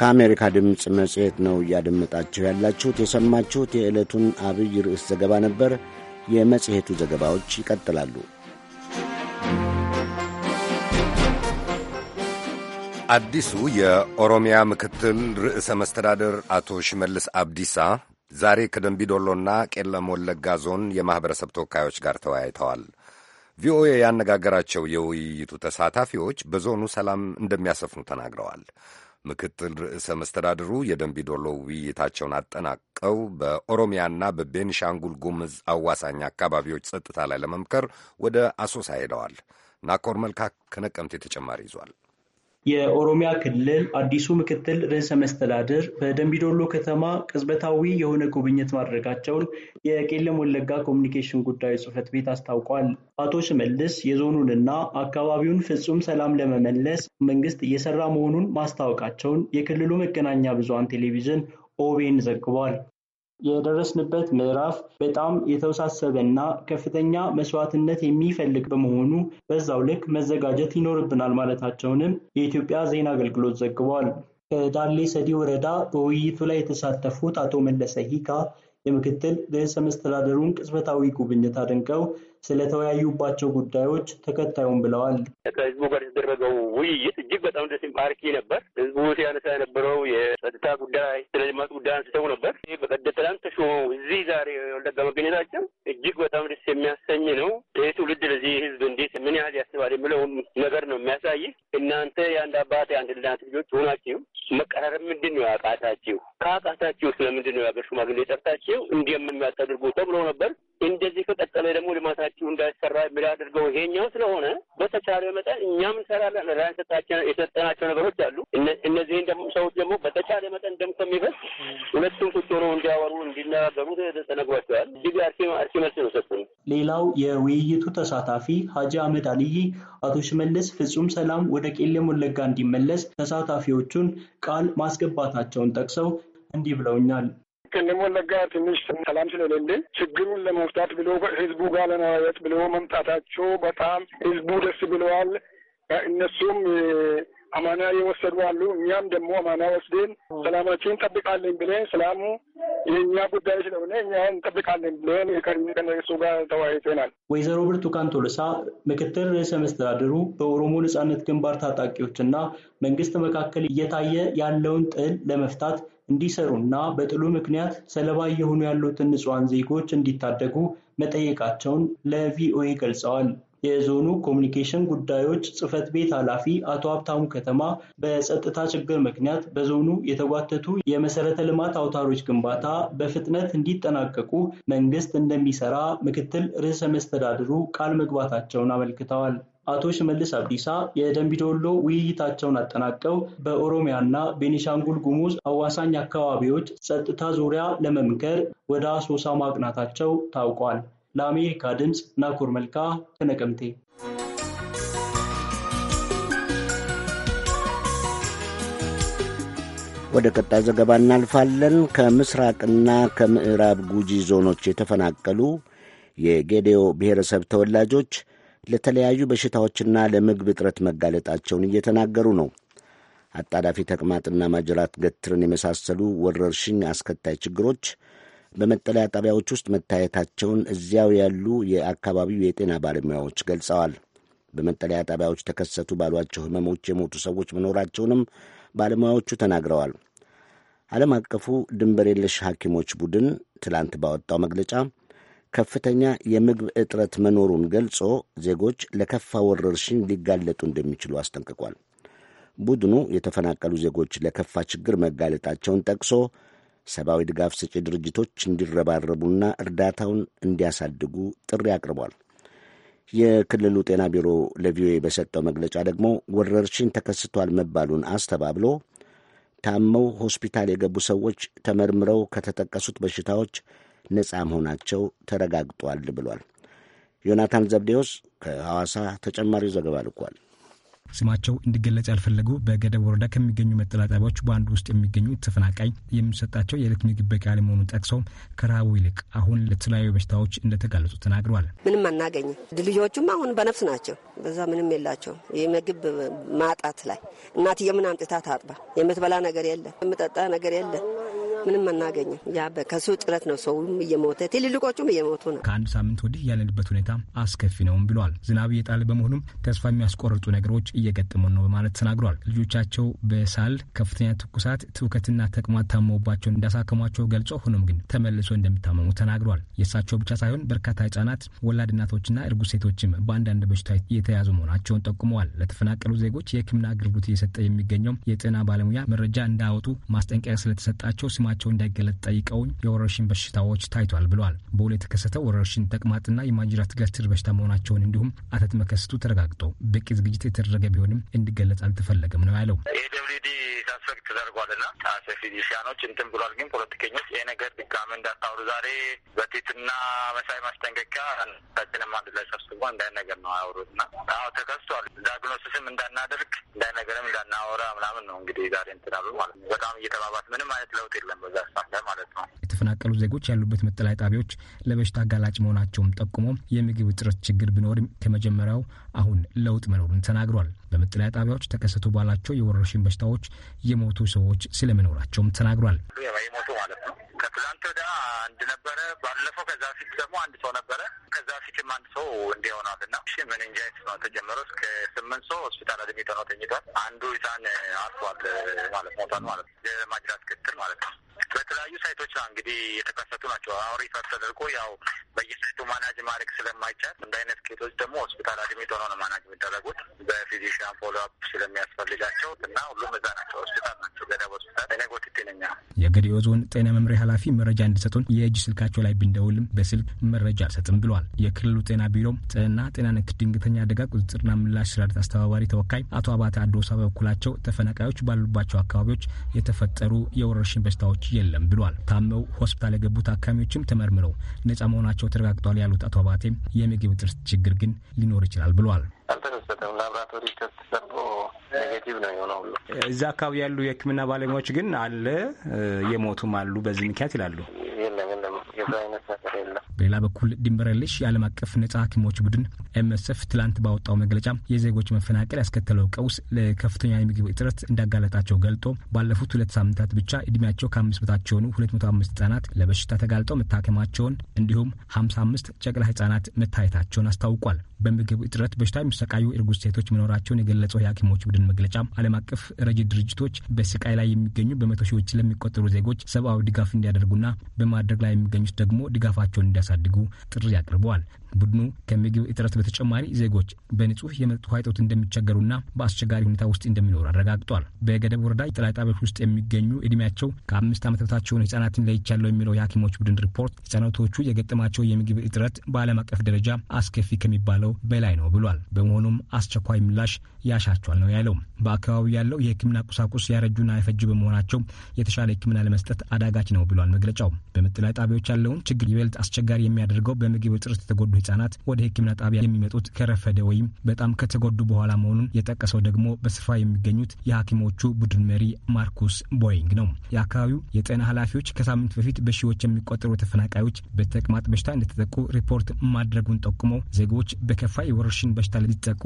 ከአሜሪካ ድምፅ መጽሔት ነው እያደመጣችሁ ያላችሁት። የሰማችሁት የዕለቱን አብይ ርዕስ ዘገባ ነበር። የመጽሔቱ ዘገባዎች ይቀጥላሉ። አዲሱ የኦሮሚያ ምክትል ርዕሰ መስተዳደር አቶ ሽመልስ አብዲሳ ዛሬ ከደንቢ ዶሎና ቄለም ወለጋ ዞን የማኅበረሰብ ተወካዮች ጋር ተወያይተዋል። ቪኦኤ ያነጋገራቸው የውይይቱ ተሳታፊዎች በዞኑ ሰላም እንደሚያሰፍኑ ተናግረዋል። ምክትል ርዕሰ መስተዳድሩ የደንቢ ዶሎ ውይይታቸውን አጠናቀው በኦሮሚያና በቤንሻንጉል ጉምዝ አዋሳኝ አካባቢዎች ጸጥታ ላይ ለመምከር ወደ አሶሳ ሄደዋል። ናኮር መልካ ከነቀምቴ ተጨማሪ ይዟል። የኦሮሚያ ክልል አዲሱ ምክትል ርዕሰ መስተዳድር በደንቢዶሎ ከተማ ቅጽበታዊ የሆነ ጉብኝት ማድረጋቸውን የቄለም ወለጋ ኮሚኒኬሽን ጉዳዮች ጽህፈት ቤት አስታውቋል። አቶ ሽመልስ የዞኑንና አካባቢውን ፍጹም ሰላም ለመመለስ መንግስት እየሰራ መሆኑን ማስታወቃቸውን የክልሉ መገናኛ ብዙሃን ቴሌቪዥን ኦቤን ዘግቧል። የደረስንበት ምዕራፍ በጣም የተወሳሰበ እና ከፍተኛ መስዋዕትነት የሚፈልግ በመሆኑ በዛው ልክ መዘጋጀት ይኖርብናል ማለታቸውንም የኢትዮጵያ ዜና አገልግሎት ዘግቧል። ከዳሌ ሰዲ ወረዳ በውይይቱ ላይ የተሳተፉት አቶ መለሰ ሂካ የምክትል ርዕሰ መስተዳደሩን ቅጽበታዊ ጉብኝት አድንቀው ስለተወያዩባቸው ጉዳዮች ተከታዩም ብለዋል። ከህዝቡ ጋር የተደረገው ውይይት እጅግ በጣም ደስ ማራኪ ነበር። ህዝቡ ሲያነሳ የነበረው የጸጥታ ጉዳይ፣ ስለ ልማት ጉዳይ አንስተው ነበር። በቀደም ተሾመ እዚህ ዛሬ ወለጋ መገኘታቸው እጅግ በጣም ደስ የሚያሰኝ ነው። ይህ ትውልድ ለዚህ ህዝብ እንዴት ምን ያህል ያስባል የምለውን ነገር ነው የሚያሳይ። እናንተ የአንድ አባት የአንድ እናት ልጆች ሆናችሁ መቀራረብ ምንድን ነው ያቃታችሁ? ከአቃታችሁ ስለምንድን ነው የሀገር ሽማግሌ ጠርታችሁ እንዲህ የምናደርገው ተብሎ ነበር። እንደዚህ ከቀጠለ ደግሞ ልማታ ራሳችሁ እንዳይሰራ የሚያደርገው ይሄኛው ስለሆነ በተቻለ መጠን እኛም እንሰራለን። ራንሰታችን የሰጠናቸው ነገሮች አሉ። እነዚህን ደግሞ ሰዎች ደግሞ በተቻለ መጠን ደም ከሚፈስ ሁለቱም ቁጭ ሆነው እንዲያወሩ እንዲነጋገሩ ተነግሯቸዋል። እጅግ አርሲ አርሲ መልስ ነው ሰጡን። ሌላው የውይይቱ ተሳታፊ ሀጂ አህመድ አልይ አቶ ሽመልስ ፍጹም ሰላም ወደ ቄለም ወለጋ እንዲመለስ ተሳታፊዎቹን ቃል ማስገባታቸውን ጠቅሰው እንዲህ ብለውኛል። ከነሞለጋ ትንሽ ሰላም ስለሌለ ችግሩን ለመፍታት ብሎ ህዝቡ ጋር ለመወያየት ብሎ መምጣታቸው በጣም ህዝቡ ደስ ብለዋል። እነሱም አማና የወሰዱ አሉ። እኛም ደግሞ አማና ወስደን ሰላማችን እንጠብቃለን ብለን ሰላሙ የእኛ ጉዳይ ስለሆነ እኛ እንጠብቃለን ብለን ከነሱ ጋር ተወያይተናል። ወይዘሮ ብርቱካን ቶለሳ ምክትል ርዕሰ መስተዳድሩ በኦሮሞ ነጻነት ግንባር ታጣቂዎችና መንግስት መካከል እየታየ ያለውን ጥል ለመፍታት እንዲሰሩ እና በጥሉ ምክንያት ሰለባ እየሆኑ ያሉትን ንጹሐን ዜጎች እንዲታደጉ መጠየቃቸውን ለቪኦኤ ገልጸዋል። የዞኑ ኮሚኒኬሽን ጉዳዮች ጽህፈት ቤት ኃላፊ አቶ ሀብታሙ ከተማ በጸጥታ ችግር ምክንያት በዞኑ የተጓተቱ የመሰረተ ልማት አውታሮች ግንባታ በፍጥነት እንዲጠናቀቁ መንግስት እንደሚሰራ ምክትል ርዕሰ መስተዳድሩ ቃል መግባታቸውን አመልክተዋል። አቶ ሽመልስ አብዲሳ የደንቢዶሎ ውይይታቸውን አጠናቀው በኦሮሚያና ቤኒሻንጉል ጉሙዝ አዋሳኝ አካባቢዎች ጸጥታ ዙሪያ ለመምከር ወደ አሶሳ ማቅናታቸው ታውቋል። ለአሜሪካ ድምፅ ናኮር መልካ ከነቀምቴ። ወደ ቀጣይ ዘገባ እናልፋለን። ከምስራቅና ከምዕራብ ጉጂ ዞኖች የተፈናቀሉ የጌዴዮ ብሔረሰብ ተወላጆች ለተለያዩ በሽታዎችና ለምግብ እጥረት መጋለጣቸውን እየተናገሩ ነው። አጣዳፊ ተቅማጥና ማጅራት ገትርን የመሳሰሉ ወረርሽኝ አስከታይ ችግሮች በመጠለያ ጣቢያዎች ውስጥ መታየታቸውን እዚያው ያሉ የአካባቢው የጤና ባለሙያዎች ገልጸዋል። በመጠለያ ጣቢያዎች ተከሰቱ ባሏቸው ሕመሞች የሞቱ ሰዎች መኖራቸውንም ባለሙያዎቹ ተናግረዋል። ዓለም አቀፉ ድንበር የለሽ ሐኪሞች ቡድን ትላንት ባወጣው መግለጫ ከፍተኛ የምግብ እጥረት መኖሩን ገልጾ ዜጎች ለከፋ ወረርሽኝ ሊጋለጡ እንደሚችሉ አስጠንቅቋል። ቡድኑ የተፈናቀሉ ዜጎች ለከፋ ችግር መጋለጣቸውን ጠቅሶ ሰብአዊ ድጋፍ ሰጪ ድርጅቶች እንዲረባረቡና እርዳታውን እንዲያሳድጉ ጥሪ አቅርቧል። የክልሉ ጤና ቢሮ ለቪኦኤ በሰጠው መግለጫ ደግሞ ወረርሽኝ ተከስቷል መባሉን አስተባብሎ ታመው ሆስፒታል የገቡ ሰዎች ተመርምረው ከተጠቀሱት በሽታዎች ነጻ መሆናቸው ተረጋግጧል ብሏል። ዮናታን ዘብዴዎስ ከሐዋሳ ተጨማሪ ዘገባ ልኳል። ስማቸው እንዲገለጽ ያልፈለጉ በገደብ ወረዳ ከሚገኙ መጠለያ ጣቢያዎች በአንዱ ውስጥ የሚገኙ ተፈናቃይ የሚሰጣቸው የዕለት ምግብ በቂ አለመሆኑን ጠቅሰው ከረሃቡ ይልቅ አሁን ለተለያዩ በሽታዎች እንደተጋለጡ ተናግረዋል። ምንም አናገኝም። ልጆቹም አሁን በነፍስ ናቸው። በዛ ምንም የላቸውም። የምግብ ማጣት ላይ እናትየምን ምን አምጥታ ታጥባ የምትበላ ነገር የለም፣ የምጠጣ ነገር የለም። ምንም አናገኝም። ያ ከሱ ጥረት ነው። ሰውም እየሞተ ትልልቆቹም እየሞቱ ነው። ከአንድ ሳምንት ወዲህ ያለንበት ሁኔታ አስከፊ ነውም ብሏል። ዝናብ እየጣለ በመሆኑም ተስፋ የሚያስቆርጡ ነገሮች እየገጠሙን ነው በማለት ተናግሯል። ልጆቻቸው በሳል ከፍተኛ ትኩሳት፣ ትውከትና ተቅማጥ ታመውባቸው እንዳሳከሟቸው ገልጾ ሆኖም ግን ተመልሶ እንደሚታመሙ ተናግሯል። የእሳቸው ብቻ ሳይሆን በርካታ ህጻናት፣ ወላድ እናቶችና እርጉዝ ሴቶችም በአንዳንድ በሽታ የተያዙ መሆናቸውን ጠቁመዋል። ለተፈናቀሉ ዜጎች የህክምና አገልግሎት እየሰጠ የሚገኘው የጤና ባለሙያ መረጃ እንዳያወጡ ማስጠንቀቂያ ስለተሰጣቸው ስማ ስማቸው እንዳይገለጥ ጠይቀውን የወረርሽኝ በሽታዎች ታይቷል ብለዋል። በሁሉ የተከሰተው ወረርሽኝ ተቅማጥና የማጅራት ገትር በሽታ መሆናቸውን እንዲሁም አተት መከሰቱ ተረጋግጦ በቂ ዝግጅት የተደረገ ቢሆንም እንዲገለጽ አልተፈለገም ነው ያለው። ኤደብሊዲ ሳስፈቅ ተደርጓልና ፊዚሽያኖች እንትን ብሏል። ግን ፖለቲከኞች ይህ ነገር ድጋሚ እንዳታውሩ ዛሬ በቲትና መሳይ ማስጠንቀቂያ ታችንም አንድ ላይ ሰብስቦ እንዳይ ነገር ነው አያወሩት ና አዎ ተከስቷል። ዳግኖሲስም እንዳናደርግ እንዳይ ነገርም እንዳናወራ ምናምን ነው እንግዲህ ዛሬ እንትናሉ ማለት ነው። በጣም እየተባባት ምንም አይነት ለውጥ የለም። ሰዓት ላይ ማለት ነው። የተፈናቀሉ ዜጎች ያሉበት መጠለያ ጣቢያዎች ለበሽታ አጋላጭ መሆናቸውም ጠቁሞ የምግብ እጥረት ችግር ቢኖርም ከመጀመሪያው አሁን ለውጥ መኖሩን ተናግሯል። በመጠለያ ጣቢያዎች ተከሰቱ ባላቸው የወረርሽኝ በሽታዎች የሞቱ ሰዎች ስለመኖራቸውም ተናግሯል። የሞቱ ማለት ነው ከትላንት ወዲያ አንድ ነበረ፣ ባለፈው ከዛ ፊት ደግሞ አንድ ሰው ነበረ፣ ከዛ ፊትም አንድ ሰው እና ነው እስከ ስምንት ሰው ሆስፒታል አድሚት ተኝቷል። አንዱ ህፃን አርፏል ማለት ሞቷል ማለት ነው። የማጅራት ማለት ነው በተለያዩ ሳይቶች ነው እንግዲህ የተከሰቱ ናቸው። አሁን ሪፈር ተደርጎ ያው በየሳይቱ ማናጅ ማድረግ ስለማይቻል እንደ አይነት ኬቶች ደግሞ ሆስፒታል አድሚት ሆነው ነው ማናጅ የሚደረጉት በፊዚሽያን ፎሎ አፕ ስለሚያስፈልጋቸው እና ሁሉም እዛ ናቸው ሆስፒታል ናቸው። ገደብ ሆስፒታል እኔ ጎትቴነኛ የገዲዮ ዞን ጤና መምሪያ ኃላፊ መረጃ እንዲሰጡን የእጅ ስልካቸው ላይ ብንደውልም በስልክ መረጃ አልሰጥም ብሏል። የክልሉ ጤና ቢሮም ጥና ጤና ነክ ድንገተኛ አደጋ ቁጥጥርና ምላሽ ስራ አስተባባሪ ተወካይ አቶ አባተ አዶሳ በበኩላቸው ተፈናቃዮች ባሉባቸው አካባቢዎች የተፈጠሩ የወረርሽኝ በሽታዎች የለም ብሏል። ታመው ሆስፒታል የገቡት ታካሚዎችም ተመርምረው ነጻ መሆናቸው ተረጋግጧል ያሉት አቶ አባቴ የምግብ ጥርስ ችግር ግን ሊኖር ይችላል ብሏል። አልተከሰተም። ላብራቶሪ ቴስት ሰርቶ ኔጌቲቭ ነው የሆነው ሁሉ። እዛ አካባቢ ያሉ የሕክምና ባለሙያዎች ግን አለ የሞቱም አሉ በዚህ ምክንያት ይላሉ። የለም ነገር የለም። በሌላ በኩል ድንበር የለሽ የዓለም አቀፍ ነጻ ሐኪሞች ቡድን ኤምኤስኤፍ ትላንት ባወጣው መግለጫ የዜጎች መፈናቀል ያስከተለው ቀውስ ለከፍተኛ የምግብ እጥረት እንዳጋለጣቸው ገልጦ ባለፉት ሁለት ሳምንታት ብቻ እድሜያቸው ከአምስት በታች የሆኑ ሁለት መቶ አምስት ህጻናት ለበሽታ ተጋልጠው መታከማቸውን እንዲሁም ሀምሳ አምስት ጨቅላ ህጻናት መታየታቸውን አስታውቋል። በምግብ እጥረት በሽታ የሚሰቃዩ እርጉዝ ሴቶች መኖራቸውን የገለጸው የሐኪሞች ቡድን መግለጫ ዓለም አቀፍ ረጅ ድርጅቶች በስቃይ ላይ የሚገኙ በመቶ ሺዎች ለሚቆጠሩ ዜጎች ሰብአዊ ድጋፍ እንዲያደርጉና በማድረግ ላይ የሚገኙት ደግሞ ድጋፋቸውን እንዲያሳድጉ ጥሪ አቅርበዋል። ቡድኑ ከምግብ እጥረት በተጨማሪ ዜጎች በንጹህ የመጠጥ ውሃ እጦት እንደሚቸገሩና በአስቸጋሪ ሁኔታ ውስጥ እንደሚኖሩ አረጋግጧል። በገደብ ወረዳ የጥላይ ጣቢያዎች ውስጥ የሚገኙ እድሜያቸው ከአምስት ዓመት በታቸውን ህጻናትን ለይቻለሁ የሚለው የሐኪሞች ቡድን ሪፖርት ህጻናቶቹ የገጠማቸው የምግብ እጥረት በዓለም አቀፍ ደረጃ አስከፊ ከሚባለው በላይ ነው ብሏል። በመሆኑም አስቸኳይ ምላሽ ያሻቸዋል ነው ያለው። በአካባቢው ያለው የህክምና ቁሳቁስ ያረጁና ያፈጁ በመሆናቸው የተሻለ ህክምና ለመስጠት አዳጋች ነው ብሏል መግለጫው። በመጠለያ ጣቢያዎች ያለውን ችግር ይበልጥ አስቸጋሪ የሚያደርገው በምግብ እጥረት የተጎዱ ህጻናት ወደ ህኪምና ጣቢያ የሚመጡት ከረፈደ ወይም በጣም ከተጎዱ በኋላ መሆኑን የጠቀሰው ደግሞ በስፍራ የሚገኙት የሐኪሞቹ ቡድን መሪ ማርኩስ ቦይንግ ነው። የአካባቢው የጤና ኃላፊዎች ከሳምንት በፊት በሺዎች የሚቆጠሩ ተፈናቃዮች በተቅማጥ በሽታ እንደተጠቁ ሪፖርት ማድረጉን ጠቁመው ዜጎች በከፋ የወረርሽኝ በሽታ ሊጠቁ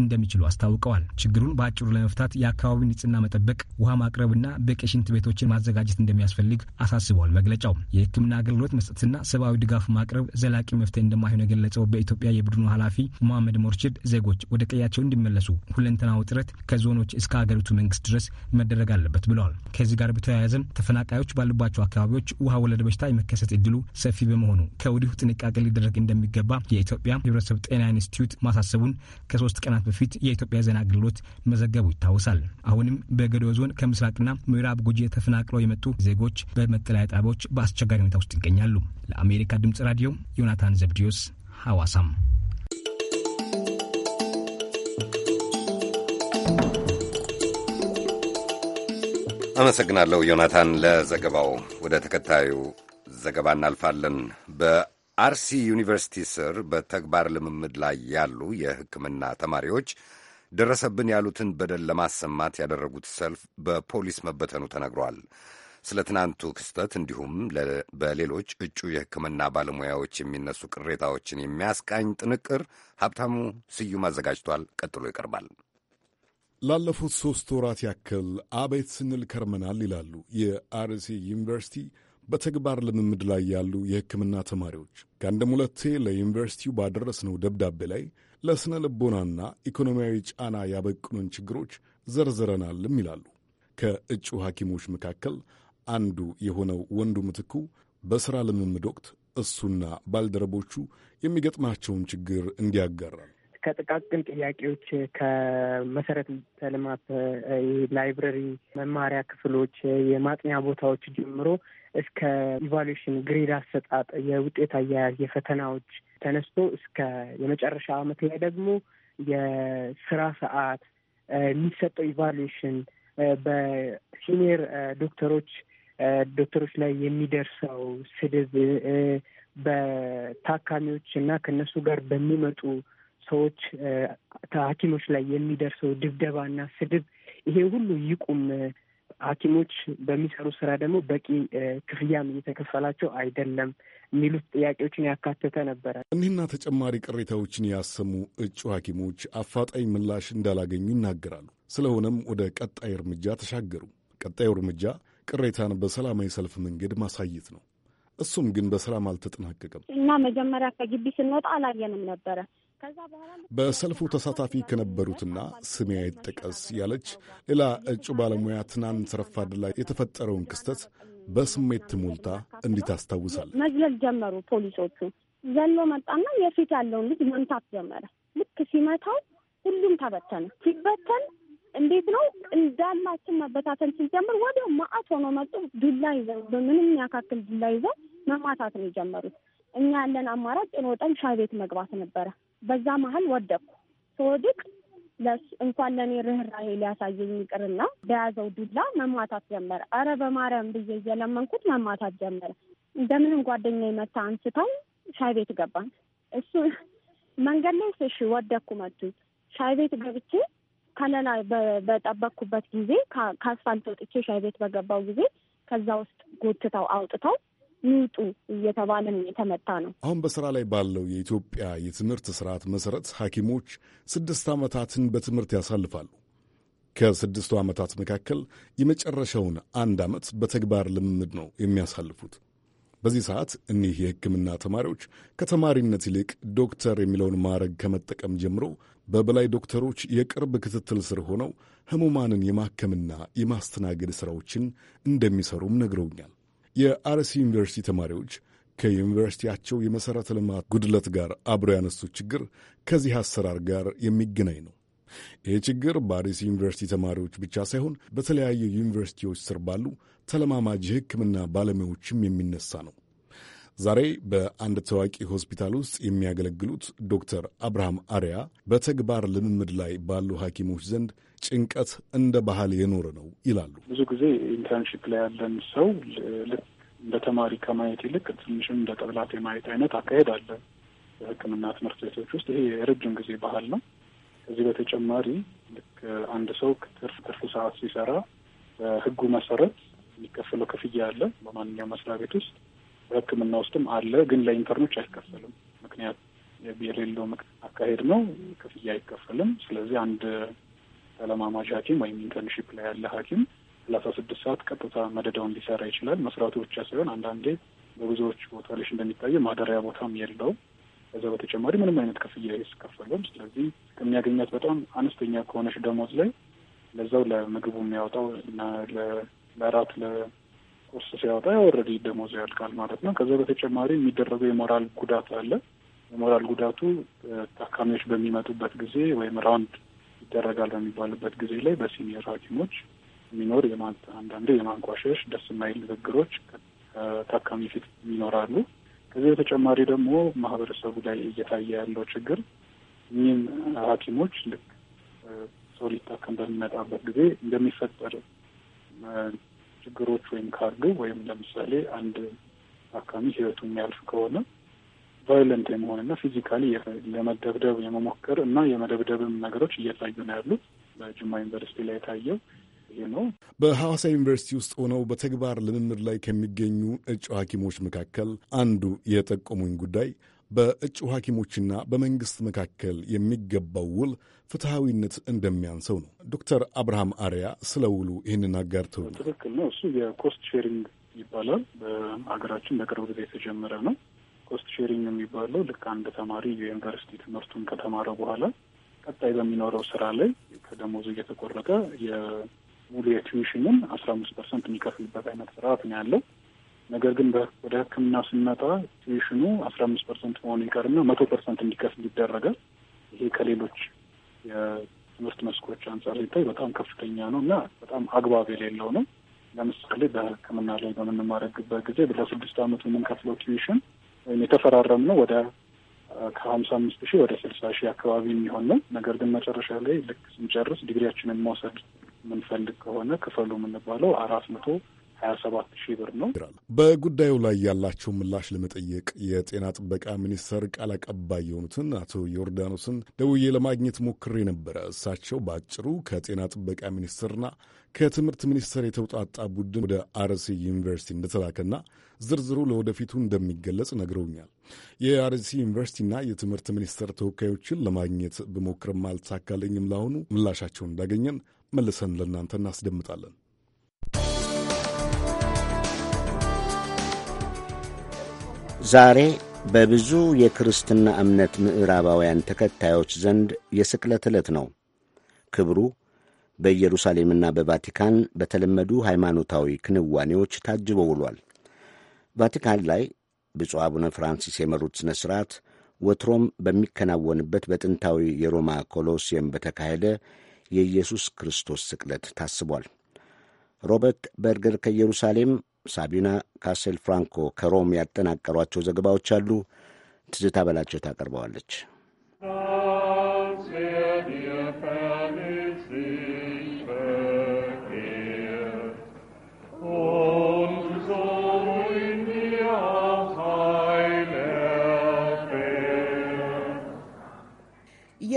እንደሚችሉ አስታውቀዋል። ችግሩን በአጭሩ ለመፍታት የአካባቢው ንጽህና መጠበቅ፣ ውሃ ማቅረብና በቂ ሽንት ቤቶችን ማዘጋጀት እንደሚያስፈልግ አሳስበዋል። መግለጫው የህክምና አገልግሎት መስጠትና ሰብአዊ ድጋፍ ማቅረብ ዘላቂ መፍትሄ እንደማይሆን የገለጸው በኢትዮጵያ የቡድኑ ኃላፊ መሐመድ ሞርሽድ ዜጎች ወደ ቀያቸው እንዲመለሱ ሁለንተናው ጥረት ከዞኖች እስከ ሀገሪቱ መንግስት ድረስ መደረግ አለበት ብለዋል። ከዚህ ጋር በተያያዘም ተፈናቃዮች ባሉባቸው አካባቢዎች ውሃ ወለድ በሽታ የመከሰት እድሉ ሰፊ በመሆኑ ከወዲሁ ጥንቃቄ ሊደረግ እንደሚገባ የኢትዮጵያ ህብረተሰብ ጤና ኢንስቲትዩት ማሳሰቡን ከሶስት ቀናት በፊት የኢትዮጵያ ዜና አገልግሎት መዘገቡ ይታወሳል። አሁንም በገዶ ዞን ከምስራቅና ምዕራብ ጉጂ ተፈናቅለው የመጡ ዜጎች በመጠለያ ጣቢያዎች በአስቸጋሪ ሁኔታ ውስጥ ይገኛሉ። ለአሜሪካ ድምጽ ራዲዮ ዮናታን ዘብዲዮስ ሐዋሳም አመሰግናለሁ ዮናታን ለዘገባው። ወደ ተከታዩ ዘገባ እናልፋለን። በአርሲ ዩኒቨርሲቲ ስር በተግባር ልምምድ ላይ ያሉ የሕክምና ተማሪዎች ደረሰብን ያሉትን በደል ለማሰማት ያደረጉት ሰልፍ በፖሊስ መበተኑ ተነግሯል። ስለ ትናንቱ ክስተት እንዲሁም በሌሎች እጩ የሕክምና ባለሙያዎች የሚነሱ ቅሬታዎችን የሚያስቃኝ ጥንቅር ሀብታሙ ስዩም አዘጋጅቷል። ቀጥሎ ይቀርባል። ላለፉት ሦስት ወራት ያክል አቤት ስንል ከርመናል ይላሉ የአርሲ ዩኒቨርሲቲ በተግባር ልምምድ ላይ ያሉ የሕክምና ተማሪዎች ከአንድም ሁለቴ ለዩኒቨርሲቲው ባደረስነው ደብዳቤ ላይ ለሥነ ልቦናና ኢኮኖሚያዊ ጫና ያበቅኑን ችግሮች ዘርዝረናልም ይላሉ። ከእጩ ሐኪሞች መካከል አንዱ የሆነው ወንዱ ምትኩ በሥራ ልምምድ ወቅት እሱና ባልደረቦቹ የሚገጥማቸውን ችግር እንዲያጋራል። ከጥቃቅን ጥያቄዎች ከመሰረተ ልማት ላይብረሪ፣ መማሪያ ክፍሎች፣ የማጥኛ ቦታዎች ጀምሮ እስከ ኢቫሉዌሽን ግሬድ አሰጣጥ፣ የውጤት አያያዝ፣ የፈተናዎች ተነስቶ እስከ የመጨረሻ ዓመት ላይ ደግሞ የስራ ሰዓት የሚሰጠው ኢቫሉዌሽን በሲኒየር ዶክተሮች ዶክተሮች ላይ የሚደርሰው ስድብ በታካሚዎች እና ከነሱ ጋር በሚመጡ ሰዎች ሐኪሞች ላይ የሚደርሰው ድብደባና ስድብ ይሄ ሁሉ ይቁም። ሐኪሞች በሚሰሩ ስራ ደግሞ በቂ ክፍያም እየተከፈላቸው አይደለም የሚሉት ጥያቄዎችን ያካተተ ነበረ። እኒህና ተጨማሪ ቅሬታዎችን ያሰሙ እጩ ሐኪሞች አፋጣኝ ምላሽ እንዳላገኙ ይናገራሉ። ስለሆነም ወደ ቀጣይ እርምጃ ተሻገሩ። ቀጣዩ እርምጃ ቅሬታን በሰላማዊ ሰልፍ መንገድ ማሳየት ነው። እሱም ግን በሰላም አልተጠናቀቀም እና መጀመሪያ ከግቢ ስንወጣ አላየንም ነበረ። በሰልፉ ተሳታፊ ከነበሩትና ስሜ አይጠቀስ ያለች ሌላ እጩ ባለሙያ ትናንት ረፋድ ላይ የተፈጠረውን ክስተት በስሜት ትሞልታ እንዲት ታስታውሳለች። መዝለል ጀመሩ ፖሊሶቹ። ዘሎ መጣና የፊት ያለውን ልጅ መምታት ጀመረ። ልክ ሲመታው ሁሉም ተበተነ። ሲበተን እንዴት ነው እንዳላችን መበታተን ሲጀምር ወዲያው ማአት ሆኖ መጡ። ዱላ ይዘው በምንም ያካክል ዱላ ይዘው መማታት ነው የጀመሩት። እኛ ያለን አማራጭ ሮጠን ሻይ ቤት መግባት ነበረ። በዛ መሀል ወደቅኩ። ስወድቅ እንኳን ለእኔ ርኅራሄ ሊያሳየኝ ይቅርና በያዘው ዱላ መማታት ጀመረ። አረ በማርያም ብዬ እየለመንኩት መማታት ጀመረ። እንደምንም ጓደኛ መታ አንስታኝ ሻይ ቤት ገባን። እሱ መንገድ ላይ ስሽ ወደኩ መቱኝ። ሻይ ቤት ገብቼ ከለላ በጠበቅኩበት ጊዜ ከአስፋልት ወጥቼ ሻይ ቤት በገባው ጊዜ ከዛ ውስጥ ጎትተው አውጥተው ሚውጡ እየተባለን የተመታ ነው። አሁን በስራ ላይ ባለው የኢትዮጵያ የትምህርት ስርዓት መሰረት ሐኪሞች ስድስት ዓመታትን በትምህርት ያሳልፋሉ። ከስድስቱ ዓመታት መካከል የመጨረሻውን አንድ ዓመት በተግባር ልምምድ ነው የሚያሳልፉት። በዚህ ሰዓት እኒህ የሕክምና ተማሪዎች ከተማሪነት ይልቅ ዶክተር የሚለውን ማዕረግ ከመጠቀም ጀምሮ በበላይ ዶክተሮች የቅርብ ክትትል ስር ሆነው ህሙማንን የማከምና የማስተናገድ ሥራዎችን እንደሚሰሩም ነግረውኛል። የአርሲ ዩኒቨርሲቲ ተማሪዎች ከዩኒቨርሲቲያቸው የመሠረተ ልማት ጉድለት ጋር አብረው ያነሱት ችግር ከዚህ አሰራር ጋር የሚገናኝ ነው። ይህ ችግር በአዲስ ዩኒቨርሲቲ ተማሪዎች ብቻ ሳይሆን በተለያዩ ዩኒቨርሲቲዎች ስር ባሉ ተለማማጅ የሕክምና ባለሙያዎችም የሚነሳ ነው። ዛሬ በአንድ ታዋቂ ሆስፒታል ውስጥ የሚያገለግሉት ዶክተር አብርሃም አሪያ በተግባር ልምምድ ላይ ባሉ ሐኪሞች ዘንድ ጭንቀት እንደ ባህል የኖረ ነው ይላሉ። ብዙ ጊዜ ኢንተርንሽፕ ላይ ያለን ሰው ልክ እንደ ተማሪ ከማየት ይልቅ ትንሽም እንደ ጠብላት የማየት አይነት አካሄድ አለ። በህክምና ትምህርት ቤቶች ውስጥ ይሄ የረጅም ጊዜ ባህል ነው። ከዚህ በተጨማሪ ልክ አንድ ሰው ትርፍ ትርፍ ሰዓት ሲሰራ በህጉ መሰረት የሚከፈለው ክፍያ አለ። በማንኛውም መስሪያ ቤት ውስጥ በህክምና ውስጥም አለ፣ ግን ለኢንተርኖች አይከፈልም። ምክንያት የሌለው አካሄድ ነው፣ ክፍያ አይከፈልም። ስለዚህ አንድ ተለማማጅ ሐኪም ወይም ኢንተርንሺፕ ላይ ያለ ሐኪም ሰላሳ ስድስት ሰዓት ቀጥታ መደዳውን ሊሰራ ይችላል። መስራቱ ብቻ ሳይሆን አንዳንዴ በብዙዎች ቦታ ላሽ እንደሚታየው ማደሪያ ቦታም የለውም። ከዛ በተጨማሪ ምንም አይነት ክፍያ አይስከፈለም። ስለዚህ ከሚያገኛት በጣም አነስተኛ ከሆነች ደሞዝ ላይ ለዛው ለምግቡ የሚያወጣው እና ለራት ለቁርስ ሲያወጣ ያወረደ ደሞዝ ያልቃል ማለት ነው። ከዛ በተጨማሪ የሚደረገው የሞራል ጉዳት አለ። የሞራል ጉዳቱ ታካሚዎች በሚመጡበት ጊዜ ወይም ራውንድ ይደረጋል በሚባልበት ጊዜ ላይ በሲኒየር ሐኪሞች የሚኖር አንዳንዴ የማንቋሸሽ ደስ የማይል ንግግሮች ከታካሚ ፊት ይኖራሉ። ከዚህ በተጨማሪ ደግሞ ማህበረሰቡ ላይ እየታየ ያለው ችግር እኚህም ሐኪሞች ልክ ሰው ሊታከም በሚመጣበት ጊዜ እንደሚፈጠር ችግሮች ወይም ካሉ ወይም ለምሳሌ አንድ ታካሚ ህይወቱ የሚያልፍ ከሆነ ቫዮለንት የመሆንና ፊዚካሊ ለመደብደብ የመሞከር እና የመደብደብም ነገሮች እየታዩ ነው ያሉት። በጅማ ዩኒቨርሲቲ ላይ የታየው ነው። በሐዋሳ ዩኒቨርሲቲ ውስጥ ሆነው በተግባር ልምምድ ላይ ከሚገኙ እጩ ሐኪሞች መካከል አንዱ የጠቆሙኝ ጉዳይ በእጩ ሐኪሞችና በመንግሥት መካከል የሚገባው ውል ፍትሐዊነት እንደሚያንሰው ነው። ዶክተር አብርሃም አሪያ ስለ ውሉ ይህንን አጋርተው ትክክል ነው። እሱ የኮስት ሼሪንግ ይባላል። በሀገራችን በቅርብ ጊዜ የተጀመረ ነው። ኮስት ሼሪንግ የሚባለው ልክ አንድ ተማሪ የዩኒቨርሲቲ ትምህርቱን ከተማረ በኋላ ቀጣይ በሚኖረው ስራ ላይ ከደሞዙ እየተቆረጠ ሙሉ የቲዩሽንን አስራ አምስት ፐርሰንት የሚከፍልበት አይነት ስርዓት ነው ያለው። ነገር ግን ወደ ሕክምና ስንመጣ ቲዩሽኑ አስራ አምስት ፐርሰንት መሆኑ ይቀርና መቶ ፐርሰንት እንዲከፍል ይደረጋል። ይሄ ከሌሎች የትምህርት መስኮች አንጻር ሲታይ በጣም ከፍተኛ ነው እና በጣም አግባብ የሌለው ነው። ለምሳሌ በሕክምና ላይ በምንማረግበት ጊዜ ለስድስት አመቱ የምንከፍለው ትዊሽን ወይም የተፈራረም ነው ወደ ከሀምሳ አምስት ሺህ ወደ ስልሳ ሺህ አካባቢ የሚሆን ነው። ነገር ግን መጨረሻ ላይ ልክ ስንጨርስ ዲግሪያችንን መውሰድ የምንፈልግ ከሆነ ክፈሉ የምንባለው አራት መቶ ሀያ ሰባት ሺህ ብር ነው። በጉዳዩ ላይ ያላቸው ምላሽ ለመጠየቅ የጤና ጥበቃ ሚኒስቴር ቃል አቀባይ የሆኑትን አቶ ዮርዳኖስን ደውዬ ለማግኘት ሞክሬ ነበረ። እሳቸው በአጭሩ ከጤና ጥበቃ ሚኒስቴርና ከትምህርት ሚኒስቴር የተውጣጣ ቡድን ወደ አርሲ ዩኒቨርሲቲ እንደተላከና ዝርዝሩ ለወደፊቱ እንደሚገለጽ ነግረውኛል። የአርሲ ዩኒቨርሲቲና የትምህርት ሚኒስቴር ተወካዮችን ለማግኘት ብሞክርም አልተሳካልኝም። ለአሁኑ ምላሻቸውን እንዳገኘን መልሰን ለእናንተ እናስደምጣለን። ዛሬ በብዙ የክርስትና እምነት ምዕራባውያን ተከታዮች ዘንድ የስቅለት ዕለት ነው። ክብሩ በኢየሩሳሌምና በቫቲካን በተለመዱ ሃይማኖታዊ ክንዋኔዎች ታጅቦ ውሏል። ቫቲካን ላይ ብፁዕ አቡነ ፍራንሲስ የመሩት ሥነ ሥርዓት ወትሮም በሚከናወንበት በጥንታዊ የሮማ ኮሎሲየም በተካሄደ የኢየሱስ ክርስቶስ ስቅለት ታስቧል። ሮበርት በርገር ከኢየሩሳሌም፣ ሳቢና ካሴል ፍራንኮ ከሮም ያጠናቀሯቸው ዘገባዎች አሉ። ትዝታ በላቸው ታቀርበዋለች።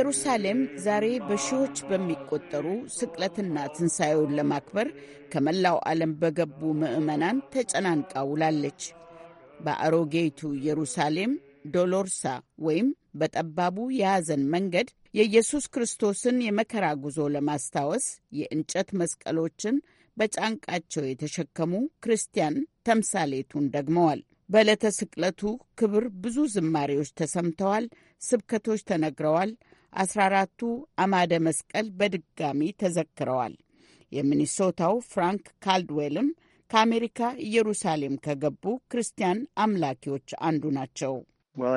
ኢየሩሳሌም ዛሬ በሺዎች በሚቆጠሩ ስቅለትና ትንሣኤውን ለማክበር ከመላው ዓለም በገቡ ምዕመናን ተጨናንቃ ውላለች። በአሮጌይቱ ኢየሩሳሌም ዶሎርሳ ወይም በጠባቡ የሐዘን መንገድ የኢየሱስ ክርስቶስን የመከራ ጉዞ ለማስታወስ የእንጨት መስቀሎችን በጫንቃቸው የተሸከሙ ክርስቲያን ተምሳሌቱን ደግመዋል። በዕለተ ስቅለቱ ክብር ብዙ ዝማሬዎች ተሰምተዋል፣ ስብከቶች ተነግረዋል፣ አስራ አራቱ አማደ መስቀል በድጋሚ ተዘክረዋል። የሚኒሶታው ፍራንክ ካልድዌልም ከአሜሪካ ኢየሩሳሌም ከገቡ ክርስቲያን አምላኪዎች አንዱ ናቸው። uh,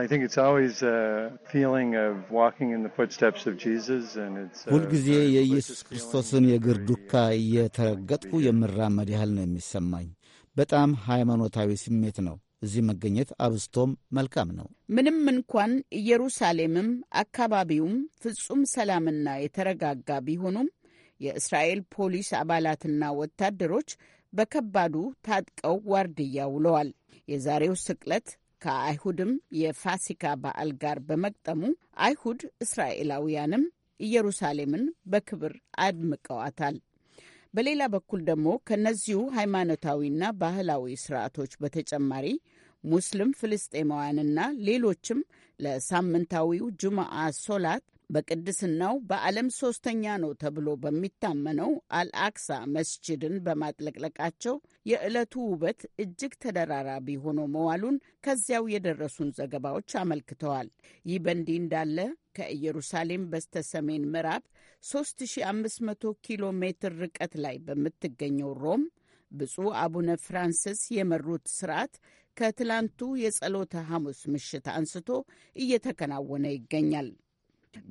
ሁልጊዜ የኢየሱስ ክርስቶስን የእግር ዱካ እየተረገጥኩ የምራመድ ያህል ነው የሚሰማኝ። በጣም ሃይማኖታዊ ስሜት ነው። እዚህ መገኘት አብስቶም መልካም ነው። ምንም እንኳን ኢየሩሳሌምም አካባቢውም ፍጹም ሰላምና የተረጋጋ ቢሆኑም የእስራኤል ፖሊስ አባላትና ወታደሮች በከባዱ ታጥቀው ዋርድያ ውለዋል። የዛሬው ስቅለት ከአይሁድም የፋሲካ በዓል ጋር በመግጠሙ አይሁድ እስራኤላውያንም ኢየሩሳሌምን በክብር አድምቀዋታል። በሌላ በኩል ደግሞ ከነዚሁ ሃይማኖታዊና ባህላዊ ስርዓቶች በተጨማሪ ሙስሊም ፍልስጤማውያንና ሌሎችም ለሳምንታዊው ጁማአ ሶላት በቅድስናው በዓለም ሶስተኛ ነው ተብሎ በሚታመነው አልአክሳ መስጅድን በማጥለቅለቃቸው የዕለቱ ውበት እጅግ ተደራራቢ ሆኖ መዋሉን ከዚያው የደረሱን ዘገባዎች አመልክተዋል። ይህ በእንዲህ እንዳለ ከኢየሩሳሌም በስተ ሰሜን ምዕራብ 3500 ኪሎ ሜትር ርቀት ላይ በምትገኘው ሮም ብፁዕ አቡነ ፍራንስስ የመሩት ስርዓት ከትላንቱ የጸሎተ ሐሙስ ምሽት አንስቶ እየተከናወነ ይገኛል።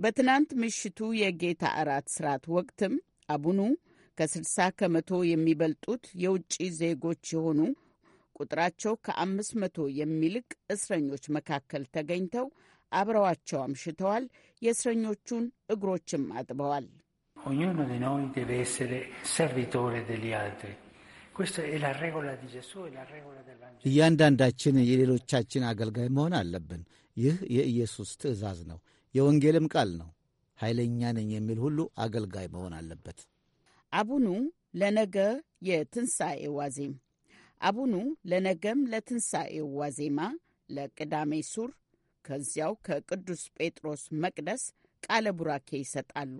በትናንት ምሽቱ የጌታ እራት ስርዓት ወቅትም አቡኑ ከስልሳ ከመቶ የሚበልጡት የውጭ ዜጎች የሆኑ ቁጥራቸው ከአምስት መቶ የሚልቅ እስረኞች መካከል ተገኝተው አብረዋቸው አምሽተዋል። የእስረኞቹን እግሮችም አጥበዋል። ዲ ኖይ ሰርቪቶሬ ደሊ እያንዳንዳችን የሌሎቻችን አገልጋይ መሆን አለብን። ይህ የኢየሱስ ትእዛዝ ነው፣ የወንጌልም ቃል ነው። ኃይለኛ ነኝ የሚል ሁሉ አገልጋይ መሆን አለበት። አቡኑ ለነገ የትንሣኤ ዋዜም አቡኑ ለነገም ለትንሣኤው ዋዜማ ለቅዳሜ ሱር ከዚያው ከቅዱስ ጴጥሮስ መቅደስ ቃለ ቡራኬ ይሰጣሉ።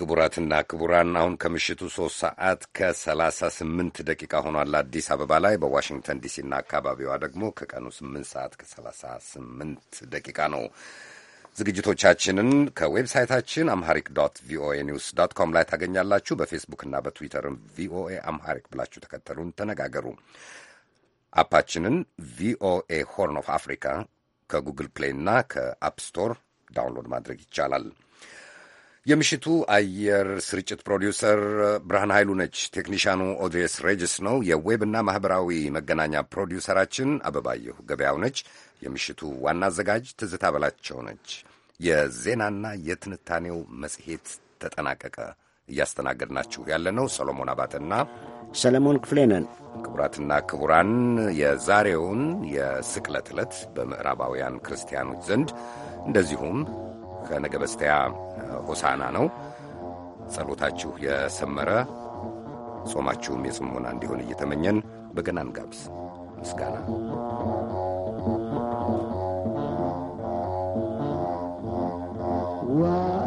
ክቡራትና ክቡራን አሁን ከምሽቱ ሶስት ሰዓት ከሰላሳ ስምንት ደቂቃ ሆኗል አዲስ አበባ ላይ። በዋሽንግተን ዲሲና አካባቢዋ ደግሞ ከቀኑ ስምንት ሰዓት ከሰላሳ ስምንት ደቂቃ ነው። ዝግጅቶቻችንን ከዌብሳይታችን አምሃሪክ ዶት ቪኦኤ ኒውስ ዶት ኮም ላይ ታገኛላችሁ። በፌስቡክና በትዊተርም ቪኦኤ አምሃሪክ ብላችሁ ተከተሉን፣ ተነጋገሩ። አፓችንን ቪኦኤ ሆርን ኦፍ አፍሪካ ከጉግል ፕሌይ እና ከአፕ ስቶር ዳውንሎድ ማድረግ ይቻላል። የምሽቱ አየር ስርጭት ፕሮዲውሰር ብርሃን ኃይሉ ነች። ቴክኒሻኑ ኦድሬስ ሬጅስ ነው። የዌብና ማኅበራዊ መገናኛ ፕሮዲውሰራችን አበባየሁ ገበያው ነች። የምሽቱ ዋና አዘጋጅ ትዝታ በላቸው ነች። የዜናና የትንታኔው መጽሔት ተጠናቀቀ። እያስተናገድናችሁ ያለ ነው ሰሎሞን አባተና ሰለሞን ክፍሌ ነን። ክቡራትና ክቡራን የዛሬውን የስቅለት ዕለት በምዕራባውያን ክርስቲያኖች ዘንድ እንደዚሁም ከነገ በስቲያ ሆሳና ነው። ጸሎታችሁ የሰመረ ጾማችሁም የጽሙና እንዲሆን እየተመኘን በገናን ጋብዝ ምስጋና Wow.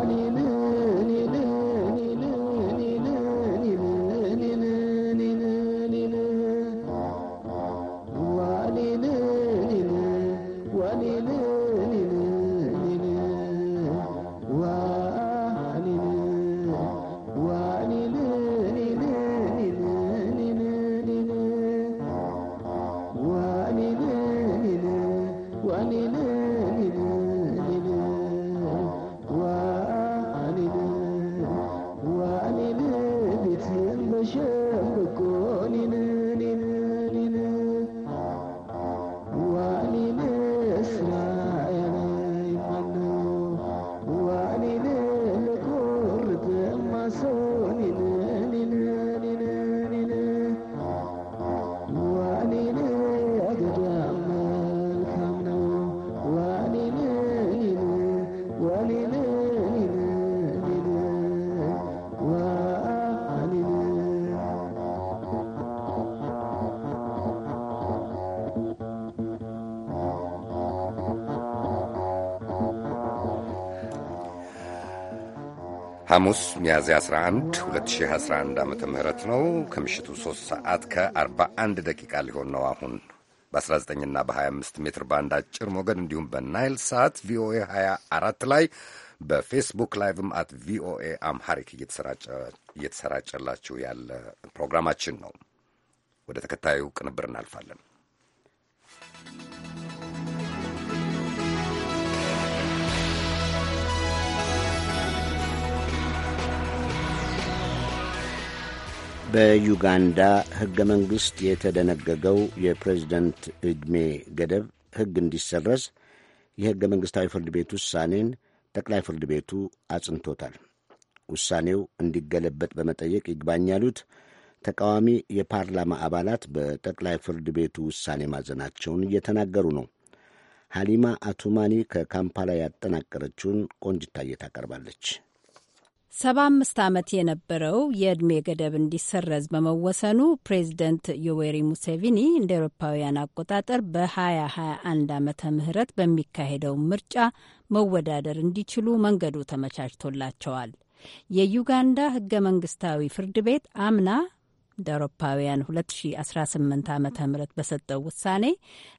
ሐሙስ ሚያዝያ 11 2011 ዓ ም ነው ከምሽቱ 3 ሰዓት ከ41 ደቂቃ ሊሆን ነው አሁን በ19ና በ25 ሜትር ባንድ አጭር ሞገድ እንዲሁም በናይል ሳት ቪኦኤ 24 ላይ በፌስቡክ ላይቭም አት ቪኦኤ አምሃሪክ እየተሰራጨላችሁ ያለ ፕሮግራማችን ነው። ወደ ተከታዩ ቅንብር እናልፋለን። በዩጋንዳ ሕገ መንግሥት የተደነገገው የፕሬዝደንት ዕድሜ ገደብ ሕግ እንዲሰረዝ የሕገ መንግሥታዊ ፍርድ ቤት ውሳኔን ጠቅላይ ፍርድ ቤቱ አጽንቶታል። ውሳኔው እንዲገለበጥ በመጠየቅ ይግባኝ ያሉት ተቃዋሚ የፓርላማ አባላት በጠቅላይ ፍርድ ቤቱ ውሳኔ ማዘናቸውን እየተናገሩ ነው። ሃሊማ አቱማኒ ከካምፓላ ያጠናቀረችውን ቆንጅታየ ታቀርባለች። ሰባ አምስት ዓመት የነበረው የዕድሜ ገደብ እንዲሰረዝ በመወሰኑ ፕሬዚደንት ዮዌሪ ሙሴቪኒ እንደ ኤሮፓውያን አቆጣጠር በ2021 ዓመተ ምህረት በሚካሄደው ምርጫ መወዳደር እንዲችሉ መንገዱ ተመቻችቶላቸዋል። የዩጋንዳ ህገ መንግስታዊ ፍርድ ቤት አምና እንደ አውሮፓውያን 2018 ዓ ም በሰጠው ውሳኔ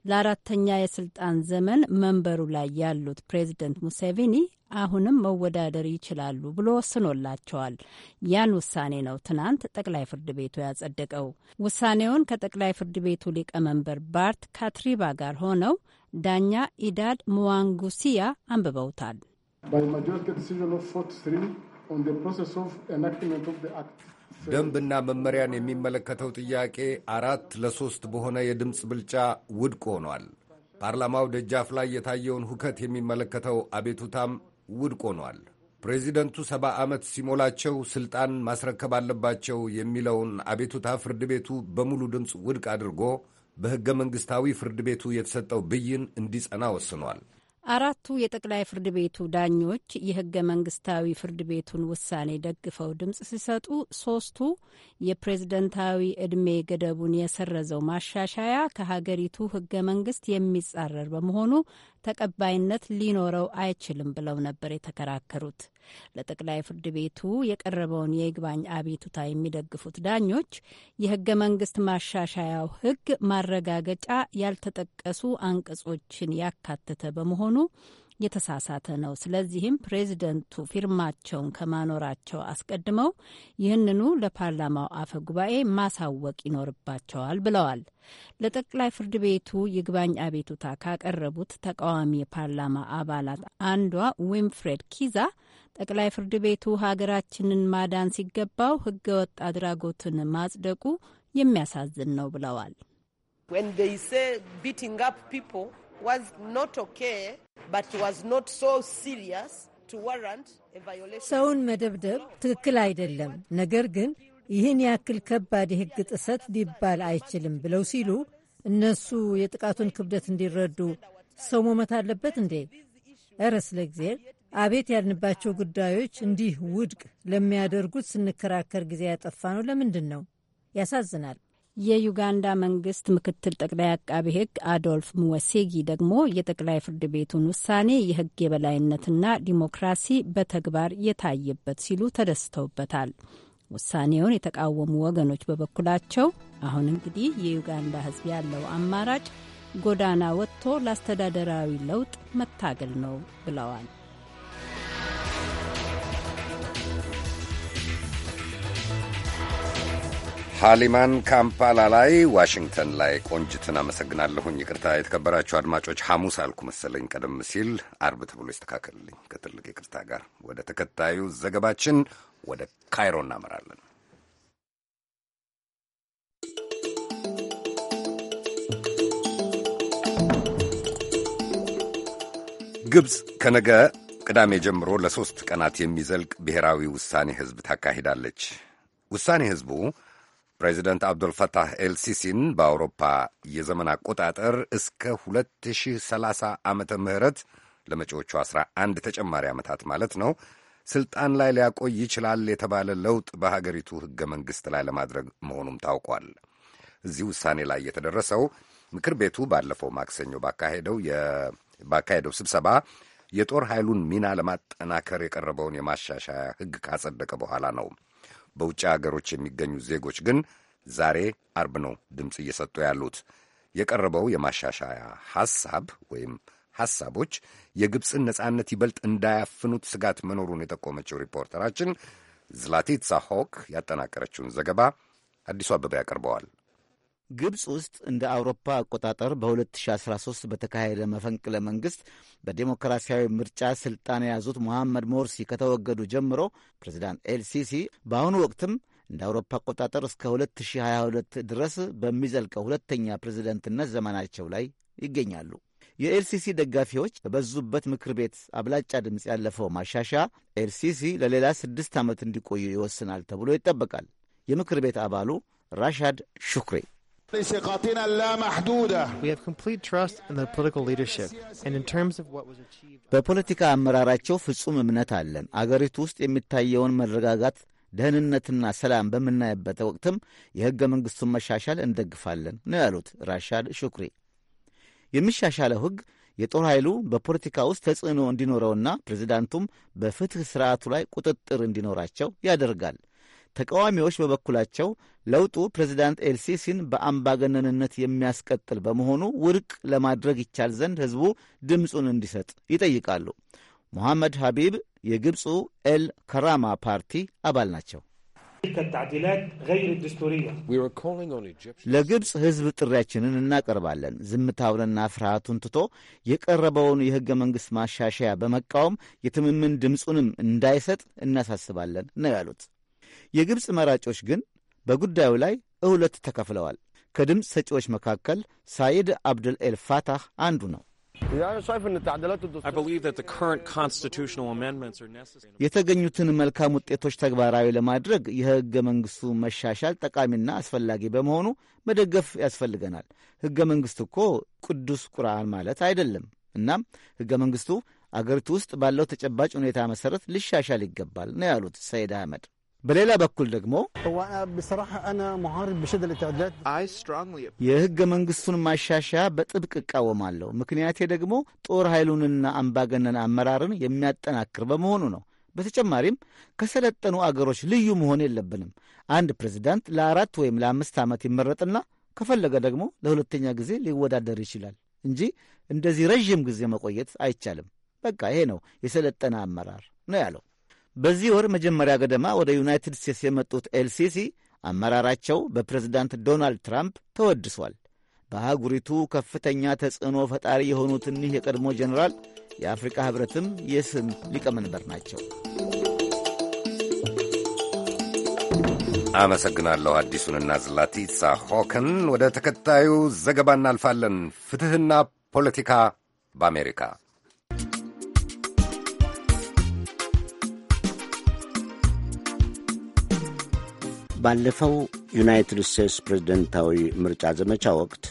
ለአራተኛ የስልጣን ዘመን መንበሩ ላይ ያሉት ፕሬዚደንት ሙሴቪኒ አሁንም መወዳደር ይችላሉ ብሎ ወስኖላቸዋል። ያን ውሳኔ ነው ትናንት ጠቅላይ ፍርድ ቤቱ ያጸደቀው። ውሳኔውን ከጠቅላይ ፍርድ ቤቱ ሊቀመንበር ባርት ካትሪባ ጋር ሆነው ዳኛ ኢዳድ ሙዋንጉሲያ አንብበውታል። ደንብና መመሪያን የሚመለከተው ጥያቄ አራት ለሶስት በሆነ የድምፅ ብልጫ ውድቅ ሆኗል። ፓርላማው ደጃፍ ላይ የታየውን ሁከት የሚመለከተው አቤቱታም ውድቅ ሆኗል። ፕሬዚደንቱ ሰባ ዓመት ሲሞላቸው ስልጣን ማስረከብ አለባቸው የሚለውን አቤቱታ ፍርድ ቤቱ በሙሉ ድምፅ ውድቅ አድርጎ በሕገ መንግሥታዊ ፍርድ ቤቱ የተሰጠው ብይን እንዲጸና ወስኗል። አራቱ የጠቅላይ ፍርድ ቤቱ ዳኞች የህገ መንግስታዊ ፍርድ ቤቱን ውሳኔ ደግፈው ድምፅ ሲሰጡ ሶስቱ የፕሬዝደንታዊ ዕድሜ ገደቡን የሰረዘው ማሻሻያ ከሀገሪቱ ህገ መንግስት የሚጻረር በመሆኑ ተቀባይነት ሊኖረው አይችልም ብለው ነበር የተከራከሩት። ለጠቅላይ ፍርድ ቤቱ የቀረበውን የይግባኝ አቤቱታ የሚደግፉት ዳኞች የህገ መንግስት ማሻሻያው ህግ ማረጋገጫ ያልተጠቀሱ አንቀጾችን ያካተተ በመሆኑ የተሳሳተ ነው። ስለዚህም ፕሬዚደንቱ ፊርማቸውን ከማኖራቸው አስቀድመው ይህንኑ ለፓርላማው አፈ ጉባኤ ማሳወቅ ይኖርባቸዋል ብለዋል። ለጠቅላይ ፍርድ ቤቱ ይግባኝ አቤቱታ ካቀረቡት ተቃዋሚ የፓርላማ አባላት አንዷ ዊንፍሬድ ኪዛ ጠቅላይ ፍርድ ቤቱ ሀገራችንን ማዳን ሲገባው ህገወጥ አድራጎትን ማጽደቁ የሚያሳዝን ነው ብለዋል። ሰውን መደብደብ ትክክል አይደለም፣ ነገር ግን ይህን ያክል ከባድ የህግ ጥሰት ሊባል አይችልም ብለው ሲሉ እነሱ የጥቃቱን ክብደት እንዲረዱ ሰው መሞት አለበት እንዴ? ኧረ ስለ አቤት ያልንባቸው ጉዳዮች እንዲህ ውድቅ ለሚያደርጉት ስንከራከር ጊዜ ያጠፋ ነው። ለምንድን ነው? ያሳዝናል። የዩጋንዳ መንግስት ምክትል ጠቅላይ አቃቢ ሕግ አዶልፍ ሙወሴጊ ደግሞ የጠቅላይ ፍርድ ቤቱን ውሳኔ የህግ የበላይነትና ዲሞክራሲ በተግባር የታየበት ሲሉ ተደስተውበታል። ውሳኔውን የተቃወሙ ወገኖች በበኩላቸው አሁን እንግዲህ የዩጋንዳ ህዝብ ያለው አማራጭ ጎዳና ወጥቶ ለአስተዳደራዊ ለውጥ መታገል ነው ብለዋል። ሃሊማን ካምፓላ ላይ ዋሽንግተን ላይ ቆንጅትን አመሰግናለሁኝ። ይቅርታ የተከበራችሁ አድማጮች፣ ሐሙስ አልኩ መሰለኝ ቀደም ሲል አርብ ተብሎ ይስተካከልልኝ ከትልቅ ይቅርታ ጋር። ወደ ተከታዩ ዘገባችን ወደ ካይሮ እናመራለን። ግብፅ ከነገ ቅዳሜ ጀምሮ ለሦስት ቀናት የሚዘልቅ ብሔራዊ ውሳኔ ሕዝብ ታካሂዳለች። ውሳኔ ሕዝቡ ፕሬዚደንት አብዱልፈታህ ኤልሲሲን በአውሮፓ የዘመን አቆጣጠር እስከ 2030 ዓመተ ምህረት ለመጪዎቹ 11 ተጨማሪ ዓመታት ማለት ነው ስልጣን ላይ ሊያቆይ ይችላል የተባለ ለውጥ በሀገሪቱ ሕገ መንግሥት ላይ ለማድረግ መሆኑም ታውቋል። እዚህ ውሳኔ ላይ የተደረሰው ምክር ቤቱ ባለፈው ማክሰኞ ባካሄደው ስብሰባ የጦር ኃይሉን ሚና ለማጠናከር የቀረበውን የማሻሻያ ሕግ ካጸደቀ በኋላ ነው። በውጭ አገሮች የሚገኙ ዜጎች ግን ዛሬ አርብ ነው ድምፅ እየሰጡ ያሉት። የቀረበው የማሻሻያ ሐሳብ ወይም ሐሳቦች የግብፅን ነጻነት ይበልጥ እንዳያፍኑት ስጋት መኖሩን የጠቆመችው ሪፖርተራችን ዝላቲት ሳሆክ ያጠናቀረችውን ዘገባ አዲሱ አበባ ያቀርበዋል። ግብፅ ውስጥ እንደ አውሮፓ አቆጣጠር በ2013 በተካሄደ መፈንቅለ መንግሥት በዴሞክራሲያዊ ምርጫ ስልጣን የያዙት ሞሐመድ ሞርሲ ከተወገዱ ጀምሮ ፕሬዚዳንት ኤልሲሲ በአሁኑ ወቅትም እንደ አውሮፓ አቆጣጠር እስከ 2022 ድረስ በሚዘልቀው ሁለተኛ ፕሬዚደንትነት ዘመናቸው ላይ ይገኛሉ። የኤልሲሲ ደጋፊዎች በበዙበት ምክር ቤት አብላጫ ድምፅ ያለፈው ማሻሻ ኤልሲሲ ለሌላ ስድስት ዓመት እንዲቆዩ ይወስናል ተብሎ ይጠበቃል። የምክር ቤት አባሉ ራሻድ ሹክሪ በፖለቲካ አመራራቸው ፍጹም እምነት አለን። አገሪቱ ውስጥ የሚታየውን መረጋጋት፣ ደህንነትና ሰላም በምናይበት ወቅትም የሕገ መንግሥቱን መሻሻል እንደግፋለን ነው ያሉት ራሻድ ሹክሪ። የሚሻሻለው ሕግ የጦር ኃይሉ በፖለቲካ ውስጥ ተጽዕኖ እንዲኖረውና ፕሬዚዳንቱም በፍትሕ ሥርዓቱ ላይ ቁጥጥር እንዲኖራቸው ያደርጋል። ተቃዋሚዎች በበኩላቸው ለውጡ ፕሬዚዳንት ኤልሲሲን በአምባገነንነት የሚያስቀጥል በመሆኑ ውድቅ ለማድረግ ይቻል ዘንድ ሕዝቡ ድምፁን እንዲሰጥ ይጠይቃሉ። ሙሐመድ ሀቢብ የግብፁ ኤል ከራማ ፓርቲ አባል ናቸው። ለግብፅ ሕዝብ ጥሪያችንን እናቀርባለን። ዝምታውንና ፍርሃቱን ትቶ የቀረበውን የሕገ መንግሥት ማሻሻያ በመቃወም የትምምን ድምፁንም እንዳይሰጥ እናሳስባለን ነው ያሉት። የግብፅ መራጮች ግን በጉዳዩ ላይ እሁለት ተከፍለዋል። ከድምፅ ሰጪዎች መካከል ሳይድ አብድል ኤል ፋታህ አንዱ ነው። የተገኙትን መልካም ውጤቶች ተግባራዊ ለማድረግ የሕገ መንግሥቱ መሻሻል ጠቃሚና አስፈላጊ በመሆኑ መደገፍ ያስፈልገናል። ሕገ መንግሥት እኮ ቅዱስ ቁርአን ማለት አይደለም። እናም ሕገ መንግሥቱ አገሪቱ ውስጥ ባለው ተጨባጭ ሁኔታ መሠረት ሊሻሻል ይገባል ነው ያሉት ሰይድ አህመድ። በሌላ በኩል ደግሞ የህገ መንግስቱን ማሻሻያ በጥብቅ እቃወማለሁ። ምክንያቴ ደግሞ ጦር ኃይሉንና አምባገነን አመራርን የሚያጠናክር በመሆኑ ነው። በተጨማሪም ከሰለጠኑ አገሮች ልዩ መሆን የለብንም። አንድ ፕሬዚዳንት ለአራት ወይም ለአምስት ዓመት ይመረጥና ከፈለገ ደግሞ ለሁለተኛ ጊዜ ሊወዳደር ይችላል እንጂ እንደዚህ ረዥም ጊዜ መቆየት አይቻልም። በቃ ይሄ ነው የሰለጠነ አመራር ነው ያለው። በዚህ ወር መጀመሪያ ገደማ ወደ ዩናይትድ ስቴትስ የመጡት ኤልሲሲ አመራራቸው በፕሬዝዳንት ዶናልድ ትራምፕ ተወድሷል። በአህጉሪቱ ከፍተኛ ተጽዕኖ ፈጣሪ የሆኑት እኒህ የቀድሞ ጀኔራል የአፍሪካ ኅብረትም የስም ሊቀመንበር ናቸው። አመሰግናለሁ አዲሱንና ዝላቲሳ ሆክን። ወደ ተከታዩ ዘገባ እናልፋለን። ፍትሕና ፖለቲካ በአሜሪካ ባለፈው ዩናይትድ ስቴትስ ፕሬዝደንታዊ ምርጫ ዘመቻ ወቅት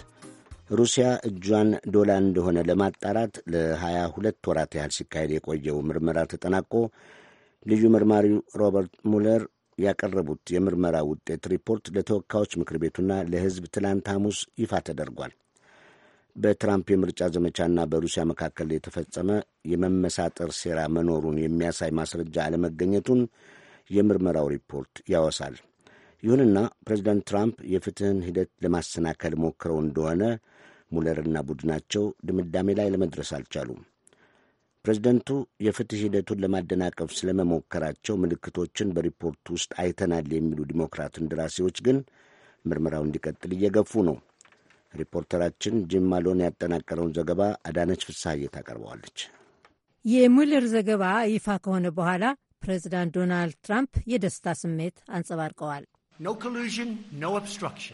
ሩሲያ እጇን ዶላ እንደሆነ ለማጣራት ለ22 ወራት ያህል ሲካሄድ የቆየው ምርመራ ተጠናቆ ልዩ መርማሪው ሮበርት ሙለር ያቀረቡት የምርመራ ውጤት ሪፖርት ለተወካዮች ምክር ቤቱና ለሕዝብ ትላንት ሐሙስ ይፋ ተደርጓል። በትራምፕ የምርጫ ዘመቻና በሩሲያ መካከል የተፈጸመ የመመሳጠር ሴራ መኖሩን የሚያሳይ ማስረጃ አለመገኘቱን የምርመራው ሪፖርት ያወሳል። ይሁንና ፕሬዚዳንት ትራምፕ የፍትህን ሂደት ለማሰናከል ሞክረው እንደሆነ ሙለርና ቡድናቸው ድምዳሜ ላይ ለመድረስ አልቻሉም። ፕሬዚደንቱ የፍትህ ሂደቱን ለማደናቀፍ ስለመሞከራቸው ምልክቶችን በሪፖርቱ ውስጥ አይተናል የሚሉ ዲሞክራት እንደራሴዎች ግን ምርመራው እንዲቀጥል እየገፉ ነው። ሪፖርተራችን ጂም ማሎን ያጠናቀረውን ዘገባ አዳነች ፍስሐዬ ታቀርበዋለች። የሙለር ዘገባ ይፋ ከሆነ በኋላ ፕሬዚዳንት ዶናልድ ትራምፕ የደስታ ስሜት አንጸባርቀዋል።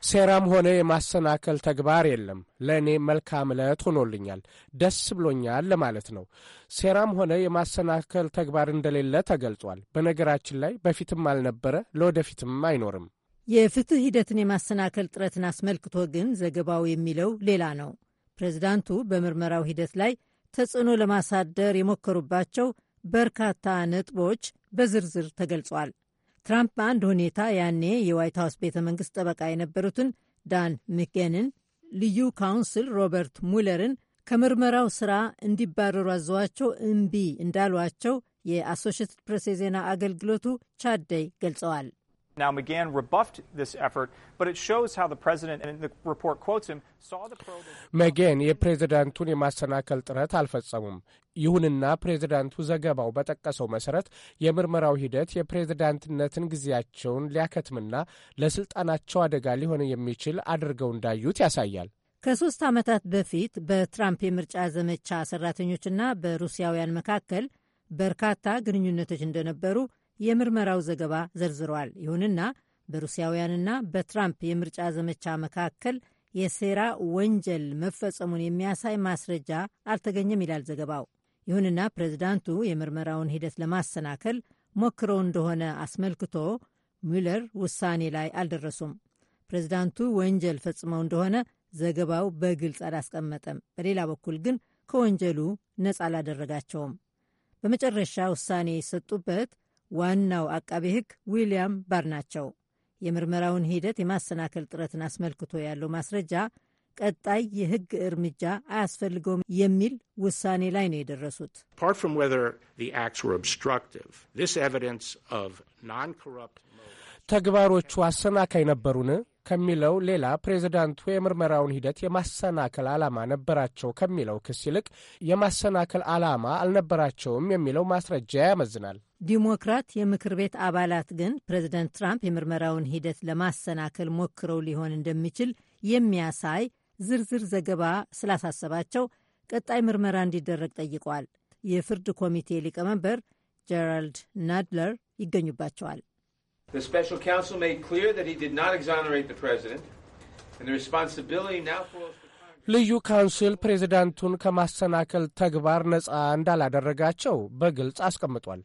ሴራም ሆነ የማሰናከል ተግባር የለም። ለእኔ መልካም ዕለት ሆኖልኛል፣ ደስ ብሎኛል ለማለት ነው። ሴራም ሆነ የማሰናከል ተግባር እንደሌለ ተገልጿል። በነገራችን ላይ በፊትም አልነበረ፣ ለወደፊትም አይኖርም። የፍትህ ሂደትን የማሰናከል ጥረትን አስመልክቶ ግን ዘገባው የሚለው ሌላ ነው። ፕሬዚዳንቱ በምርመራው ሂደት ላይ ተጽዕኖ ለማሳደር የሞከሩባቸው በርካታ ነጥቦች በዝርዝር ተገልጿል። ትራምፕ በአንድ ሁኔታ ያኔ የዋይት ሀውስ ቤተ መንግስት ጠበቃ የነበሩትን ዳን ምኬንን ልዩ ካውንስል ሮበርት ሙለርን ከምርመራው ስራ እንዲባረሩ አዘዋቸው እምቢ እንዳሏቸው የአሶሽትድ ፕሬስ የዜና አገልግሎቱ ቻደይ ገልጸዋል። Now, McGahn rebuffed this effort, but it shows how the president, and the report quotes him, saw the probe. McGahn the president, የፕሬዝዳንቱን የማሰናከል ጥረት አልፈጸሙም። ይሁንና ፕሬዝዳንቱ ዘገባው በጠቀሰው መሰረት የምርመራው ሂደት የፕሬዝዳንትነትን ጊዜያቸውን ሊያከትምና ለስልጣናቸው አደጋ ሊሆን የሚችል አድርገው እንዳዩት ያሳያል። ከሶስት ዓመታት በፊት በትራምፕ የምርጫ ዘመቻ ሰራተኞችና በሩሲያውያን መካከል በርካታ ግንኙነቶች እንደነበሩ የምርመራው ዘገባ ዘርዝሯል። ይሁንና በሩሲያውያንና በትራምፕ የምርጫ ዘመቻ መካከል የሴራ ወንጀል መፈጸሙን የሚያሳይ ማስረጃ አልተገኘም ይላል ዘገባው። ይሁንና ፕሬዚዳንቱ የምርመራውን ሂደት ለማሰናከል ሞክረው እንደሆነ አስመልክቶ ሚለር ውሳኔ ላይ አልደረሱም። ፕሬዚዳንቱ ወንጀል ፈጽመው እንደሆነ ዘገባው በግልጽ አላስቀመጠም። በሌላ በኩል ግን ከወንጀሉ ነጻ አላደረጋቸውም። በመጨረሻ ውሳኔ የሰጡበት ዋናው አቃቤ ሕግ ዊልያም ባር ናቸው። የምርመራውን ሂደት የማሰናከል ጥረትን አስመልክቶ ያለው ማስረጃ ቀጣይ የሕግ እርምጃ አያስፈልገውም የሚል ውሳኔ ላይ ነው የደረሱት። ተግባሮቹ አሰናካይ ነበሩን ከሚለው ሌላ ፕሬዚዳንቱ የምርመራውን ሂደት የማሰናከል ዓላማ ነበራቸው ከሚለው ክስ ይልቅ የማሰናከል ዓላማ አልነበራቸውም የሚለው ማስረጃ ያመዝናል። ዲሞክራት የምክር ቤት አባላት ግን ፕሬዚደንት ትራምፕ የምርመራውን ሂደት ለማሰናከል ሞክረው ሊሆን እንደሚችል የሚያሳይ ዝርዝር ዘገባ ስላሳሰባቸው ቀጣይ ምርመራ እንዲደረግ ጠይቀዋል። የፍርድ ኮሚቴ ሊቀመንበር ጀራልድ ናድለር ይገኙባቸዋል። ልዩ ካውንስል ፕሬዚዳንቱን ከማሰናከል ተግባር ነፃ እንዳላደረጋቸው በግልጽ አስቀምጧል።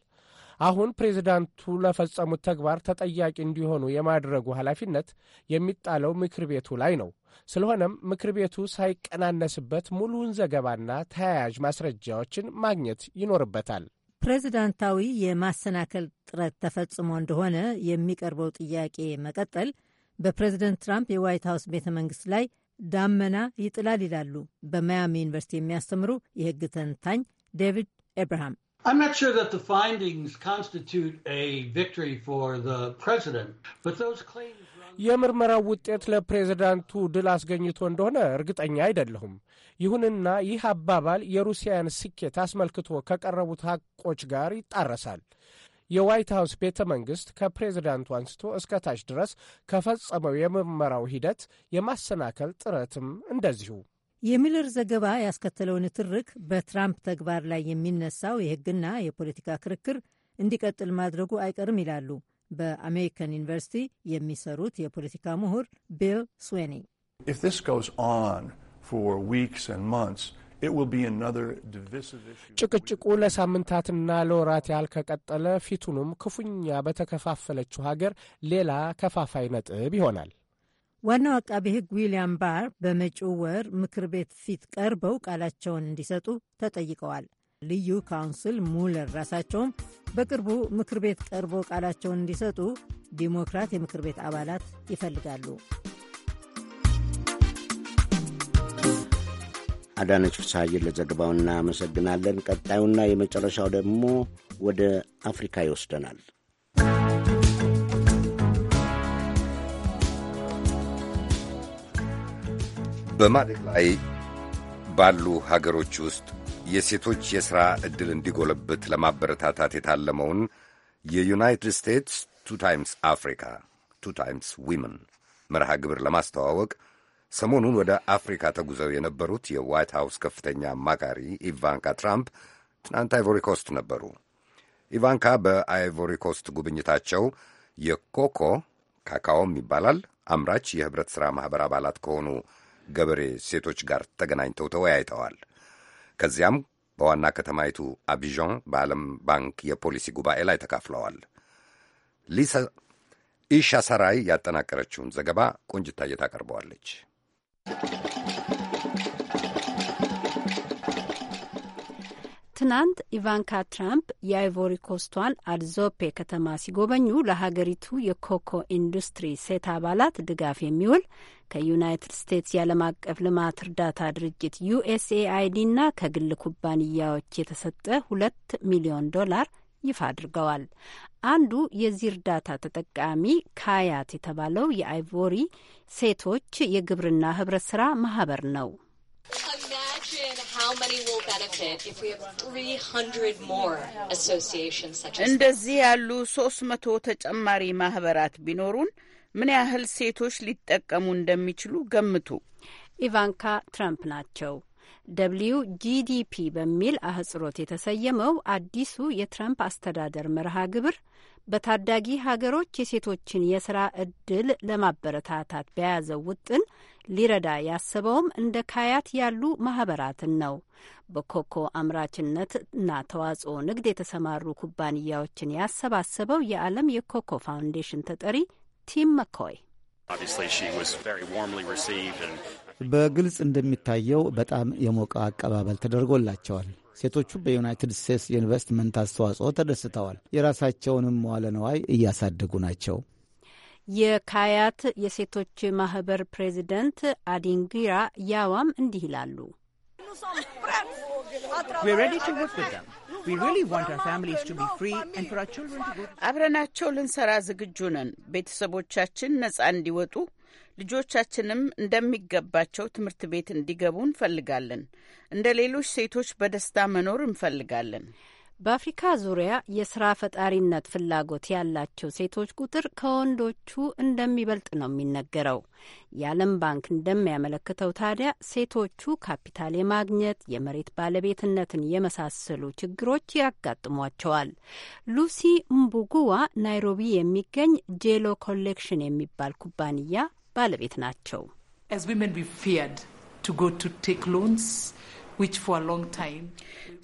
አሁን ፕሬዚዳንቱ ለፈጸሙት ተግባር ተጠያቂ እንዲሆኑ የማድረጉ ኃላፊነት የሚጣለው ምክር ቤቱ ላይ ነው። ስለሆነም ምክር ቤቱ ሳይቀናነስበት ሙሉውን ዘገባና ተያያዥ ማስረጃዎችን ማግኘት ይኖርበታል። ፕሬዚዳንታዊ የማሰናከል ጥረት ተፈጽሞ እንደሆነ የሚቀርበው ጥያቄ መቀጠል በፕሬዚደንት ትራምፕ የዋይት ሀውስ ቤተ መንግስት ላይ ዳመና ይጥላል ይላሉ በማያሚ ዩኒቨርሲቲ የሚያስተምሩ የህግ ተንታኝ ዴቪድ ኤብርሃም። I'm not sure that the findings constitute a victory for the president, but those claims የምርመራው ውጤት ለፕሬዝዳንቱ ድል አስገኝቶ እንደሆነ እርግጠኛ አይደለሁም። ይሁንና ይህ አባባል የሩሲያን ስኬት አስመልክቶ ከቀረቡት ሐቆች ጋር ይጣረሳል። የዋይት ሀውስ ቤተ መንግሥት ከፕሬዝዳንቱ አንስቶ እስከ ታች ድረስ ከፈጸመው የምርመራው ሂደት የማሰናከል ጥረትም እንደዚሁ የሚለር ዘገባ ያስከተለውን ትርክ በትራምፕ ተግባር ላይ የሚነሳው የሕግና የፖለቲካ ክርክር እንዲቀጥል ማድረጉ አይቀርም ይላሉ በአሜሪካን ዩኒቨርሲቲ የሚሰሩት የፖለቲካ ምሁር ቢል ስዌኒ። ጭቅጭቁ ለሳምንታትና ለወራት ያህል ከቀጠለ ፊቱንም ክፉኛ በተከፋፈለችው ሀገር ሌላ ከፋፋይ ነጥብ ይሆናል። ዋናው አቃቤ ሕግ ዊልያም ባር በመጪው ወር ምክር ቤት ፊት ቀርበው ቃላቸውን እንዲሰጡ ተጠይቀዋል። ልዩ ካውንስል ሙለር ራሳቸውም በቅርቡ ምክር ቤት ቀርበው ቃላቸውን እንዲሰጡ ዲሞክራት የምክር ቤት አባላት ይፈልጋሉ። አዳነች ፍስሐዬን ለዘገባው እናመሰግናለን። ቀጣዩና የመጨረሻው ደግሞ ወደ አፍሪካ ይወስደናል። በማደግ ላይ ባሉ ሀገሮች ውስጥ የሴቶች የሥራ ዕድል እንዲጎለብት ለማበረታታት የታለመውን የዩናይትድ ስቴትስ ቱ ታይምስ አፍሪካ ቱ ታይምስ ዊመን መርሃ ግብር ለማስተዋወቅ ሰሞኑን ወደ አፍሪካ ተጉዘው የነበሩት የዋይት ሃውስ ከፍተኛ አማካሪ ኢቫንካ ትራምፕ ትናንት አይቮሪኮስት ነበሩ። ኢቫንካ በአይቮሪኮስት ጉብኝታቸው የኮኮ ካካኦም ይባላል አምራች የኅብረት ሥራ ማኅበር አባላት ከሆኑ ገበሬ ሴቶች ጋር ተገናኝተው ተወያይተዋል። ከዚያም በዋና ከተማይቱ አቢዣን በዓለም ባንክ የፖሊሲ ጉባኤ ላይ ተካፍለዋል። ሊሳ ኢሻ ሰራይ ያጠናቀረችውን ዘገባ ቆንጅታዬ ታቀርበዋለች። ትናንት ኢቫንካ ትራምፕ የአይቮሪ ኮስቷን አድዞፔ ከተማ ሲጎበኙ ለሀገሪቱ የኮኮ ኢንዱስትሪ ሴት አባላት ድጋፍ የሚውል ከዩናይትድ ስቴትስ የዓለም አቀፍ ልማት እርዳታ ድርጅት ዩኤስኤአይዲና ከግል ኩባንያዎች የተሰጠ ሁለት ሚሊዮን ዶላር ይፋ አድርገዋል። አንዱ የዚህ እርዳታ ተጠቃሚ ካያት የተባለው የአይቮሪ ሴቶች የግብርና ህብረት ስራ ማህበር ነው። እንደዚህ ያሉ ሶስት መቶ ተጨማሪ ማህበራት ቢኖሩን ምን ያህል ሴቶች ሊጠቀሙ እንደሚችሉ ገምቱ። ኢቫንካ ትራምፕ ናቸው። ደብሊው ጂዲፒ በሚል አህጽሮት የተሰየመው አዲሱ የትራምፕ አስተዳደር መርሃ ግብር በታዳጊ ሀገሮች የሴቶችን የስራ እድል ለማበረታታት በያዘው ውጥን ሊረዳ ያሰበውም እንደ ካያት ያሉ ማህበራትን ነው። በኮኮ እና ተዋጽኦ ንግድ የተሰማሩ ኩባንያዎችን ያሰባሰበው የዓለም የኮኮ ፋውንዴሽን ተጠሪ ቲም መኮይ በግልጽ እንደሚታየው በጣም የሞቀ አቀባበል ተደርጎላቸዋል። ሴቶቹ በዩናይትድ ስቴትስ የኢንቨስትመንት አስተዋጽኦ ተደስተዋል። የራሳቸውንም መዋለ ነዋይ እያሳደጉ ናቸው። የካያት የሴቶች ማህበር ፕሬዚደንት አዲንጊራ ያዋም እንዲህ ይላሉ። አብረናቸው ልንሰራ ዝግጁ ነን። ቤተሰቦቻችን ነጻ እንዲወጡ ልጆቻችንም እንደሚገባቸው ትምህርት ቤት እንዲገቡ እንፈልጋለን። እንደ ሌሎች ሴቶች በደስታ መኖር እንፈልጋለን። በአፍሪካ ዙሪያ የስራ ፈጣሪነት ፍላጎት ያላቸው ሴቶች ቁጥር ከወንዶቹ እንደሚበልጥ ነው የሚነገረው። የዓለም ባንክ እንደሚያመለክተው ታዲያ ሴቶቹ ካፒታል የማግኘት የመሬት ባለቤትነትን የመሳሰሉ ችግሮች ያጋጥሟቸዋል። ሉሲ ምቡጉዋ ናይሮቢ የሚገኝ ጄሎ ኮሌክሽን የሚባል ኩባንያ ባለቤት ናቸው።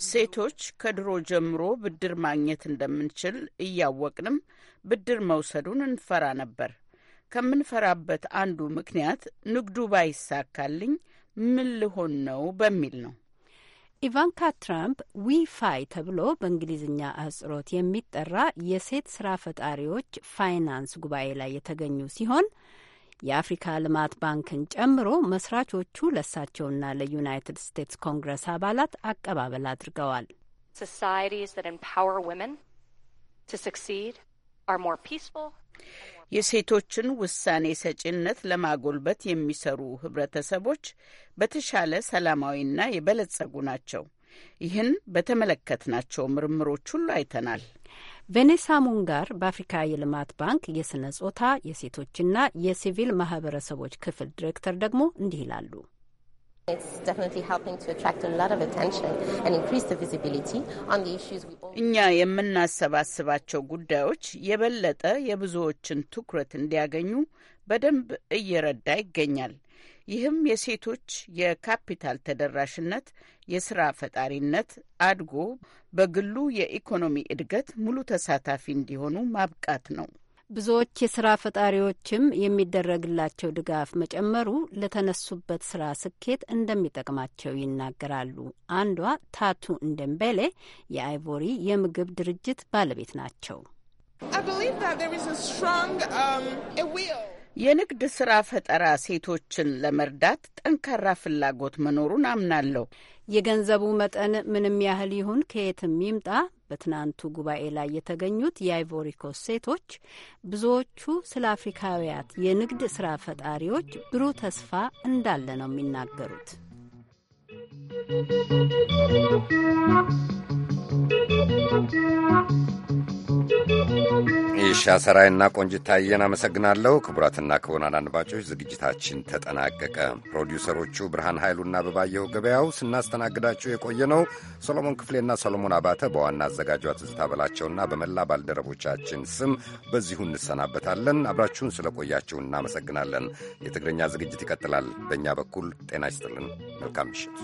ሴቶች ከድሮ ጀምሮ ብድር ማግኘት እንደምንችል እያወቅንም ብድር መውሰዱን እንፈራ ነበር። ከምንፈራበት አንዱ ምክንያት ንግዱ ባይሳካልኝ ምን ልሆን ነው በሚል ነው። ኢቫንካ ትራምፕ ዊፋይ ተብሎ በእንግሊዝኛ አህጽሮት የሚጠራ የሴት ስራ ፈጣሪዎች ፋይናንስ ጉባኤ ላይ የተገኙ ሲሆን የአፍሪካ ልማት ባንክን ጨምሮ መስራቾቹ ለሳቸውና ለዩናይትድ ስቴትስ ኮንግረስ አባላት አቀባበል አድርገዋል። የሴቶችን ውሳኔ ሰጪነት ለማጎልበት የሚሰሩ ህብረተሰቦች በተሻለ ሰላማዊና የበለጸጉ ናቸው። ይህን በተመለከትናቸው ምርምሮች ሁሉ አይተናል። ቬኔሳ ሙንጋር በአፍሪካ የልማት ባንክ የሥነ ጾታ የሴቶችና የሲቪል ማህበረሰቦች ክፍል ዲሬክተር ደግሞ እንዲህ ይላሉ። እኛ የምናሰባስባቸው ጉዳዮች የበለጠ የብዙዎችን ትኩረት እንዲያገኙ በደንብ እየረዳ ይገኛል። ይህም የሴቶች የካፒታል ተደራሽነት፣ የስራ ፈጣሪነት አድጎ በግሉ የኢኮኖሚ እድገት ሙሉ ተሳታፊ እንዲሆኑ ማብቃት ነው። ብዙዎች የስራ ፈጣሪዎችም የሚደረግላቸው ድጋፍ መጨመሩ ለተነሱበት ስራ ስኬት እንደሚጠቅማቸው ይናገራሉ። አንዷ ታቱ እንደምቤሌ የአይቮሪ የምግብ ድርጅት ባለቤት ናቸው። የንግድ ስራ ፈጠራ ሴቶችን ለመርዳት ጠንካራ ፍላጎት መኖሩን አምናለሁ። የገንዘቡ መጠን ምንም ያህል ይሁን ከየትም ይምጣ፣ በትናንቱ ጉባኤ ላይ የተገኙት የአይቮሪኮስ ሴቶች ብዙዎቹ ስለ አፍሪካውያት የንግድ ስራ ፈጣሪዎች ብሩህ ተስፋ እንዳለ ነው የሚናገሩት። Thank you. ይሻ ሰራይና ቆንጅታየን አመሰግናለሁ። ክቡራትና ክቡራን አድማጮች ዝግጅታችን ተጠናቀቀ። ፕሮዲውሰሮቹ ብርሃን ኃይሉና በባየሁ ገበያው ስናስተናግዳቸው የቆየ ነው ሰሎሞን ክፍሌና ሰሎሞን አባተ በዋና አዘጋጇ ትዝታ በላቸውና በመላ ባልደረቦቻችን ስም በዚሁ እንሰናበታለን። አብራችሁን ቆያችሁ እናመሰግናለን። የትግርኛ ዝግጅት ይቀጥላል። በእኛ በኩል ጤና ይስጥልን። መልካም ምሽት።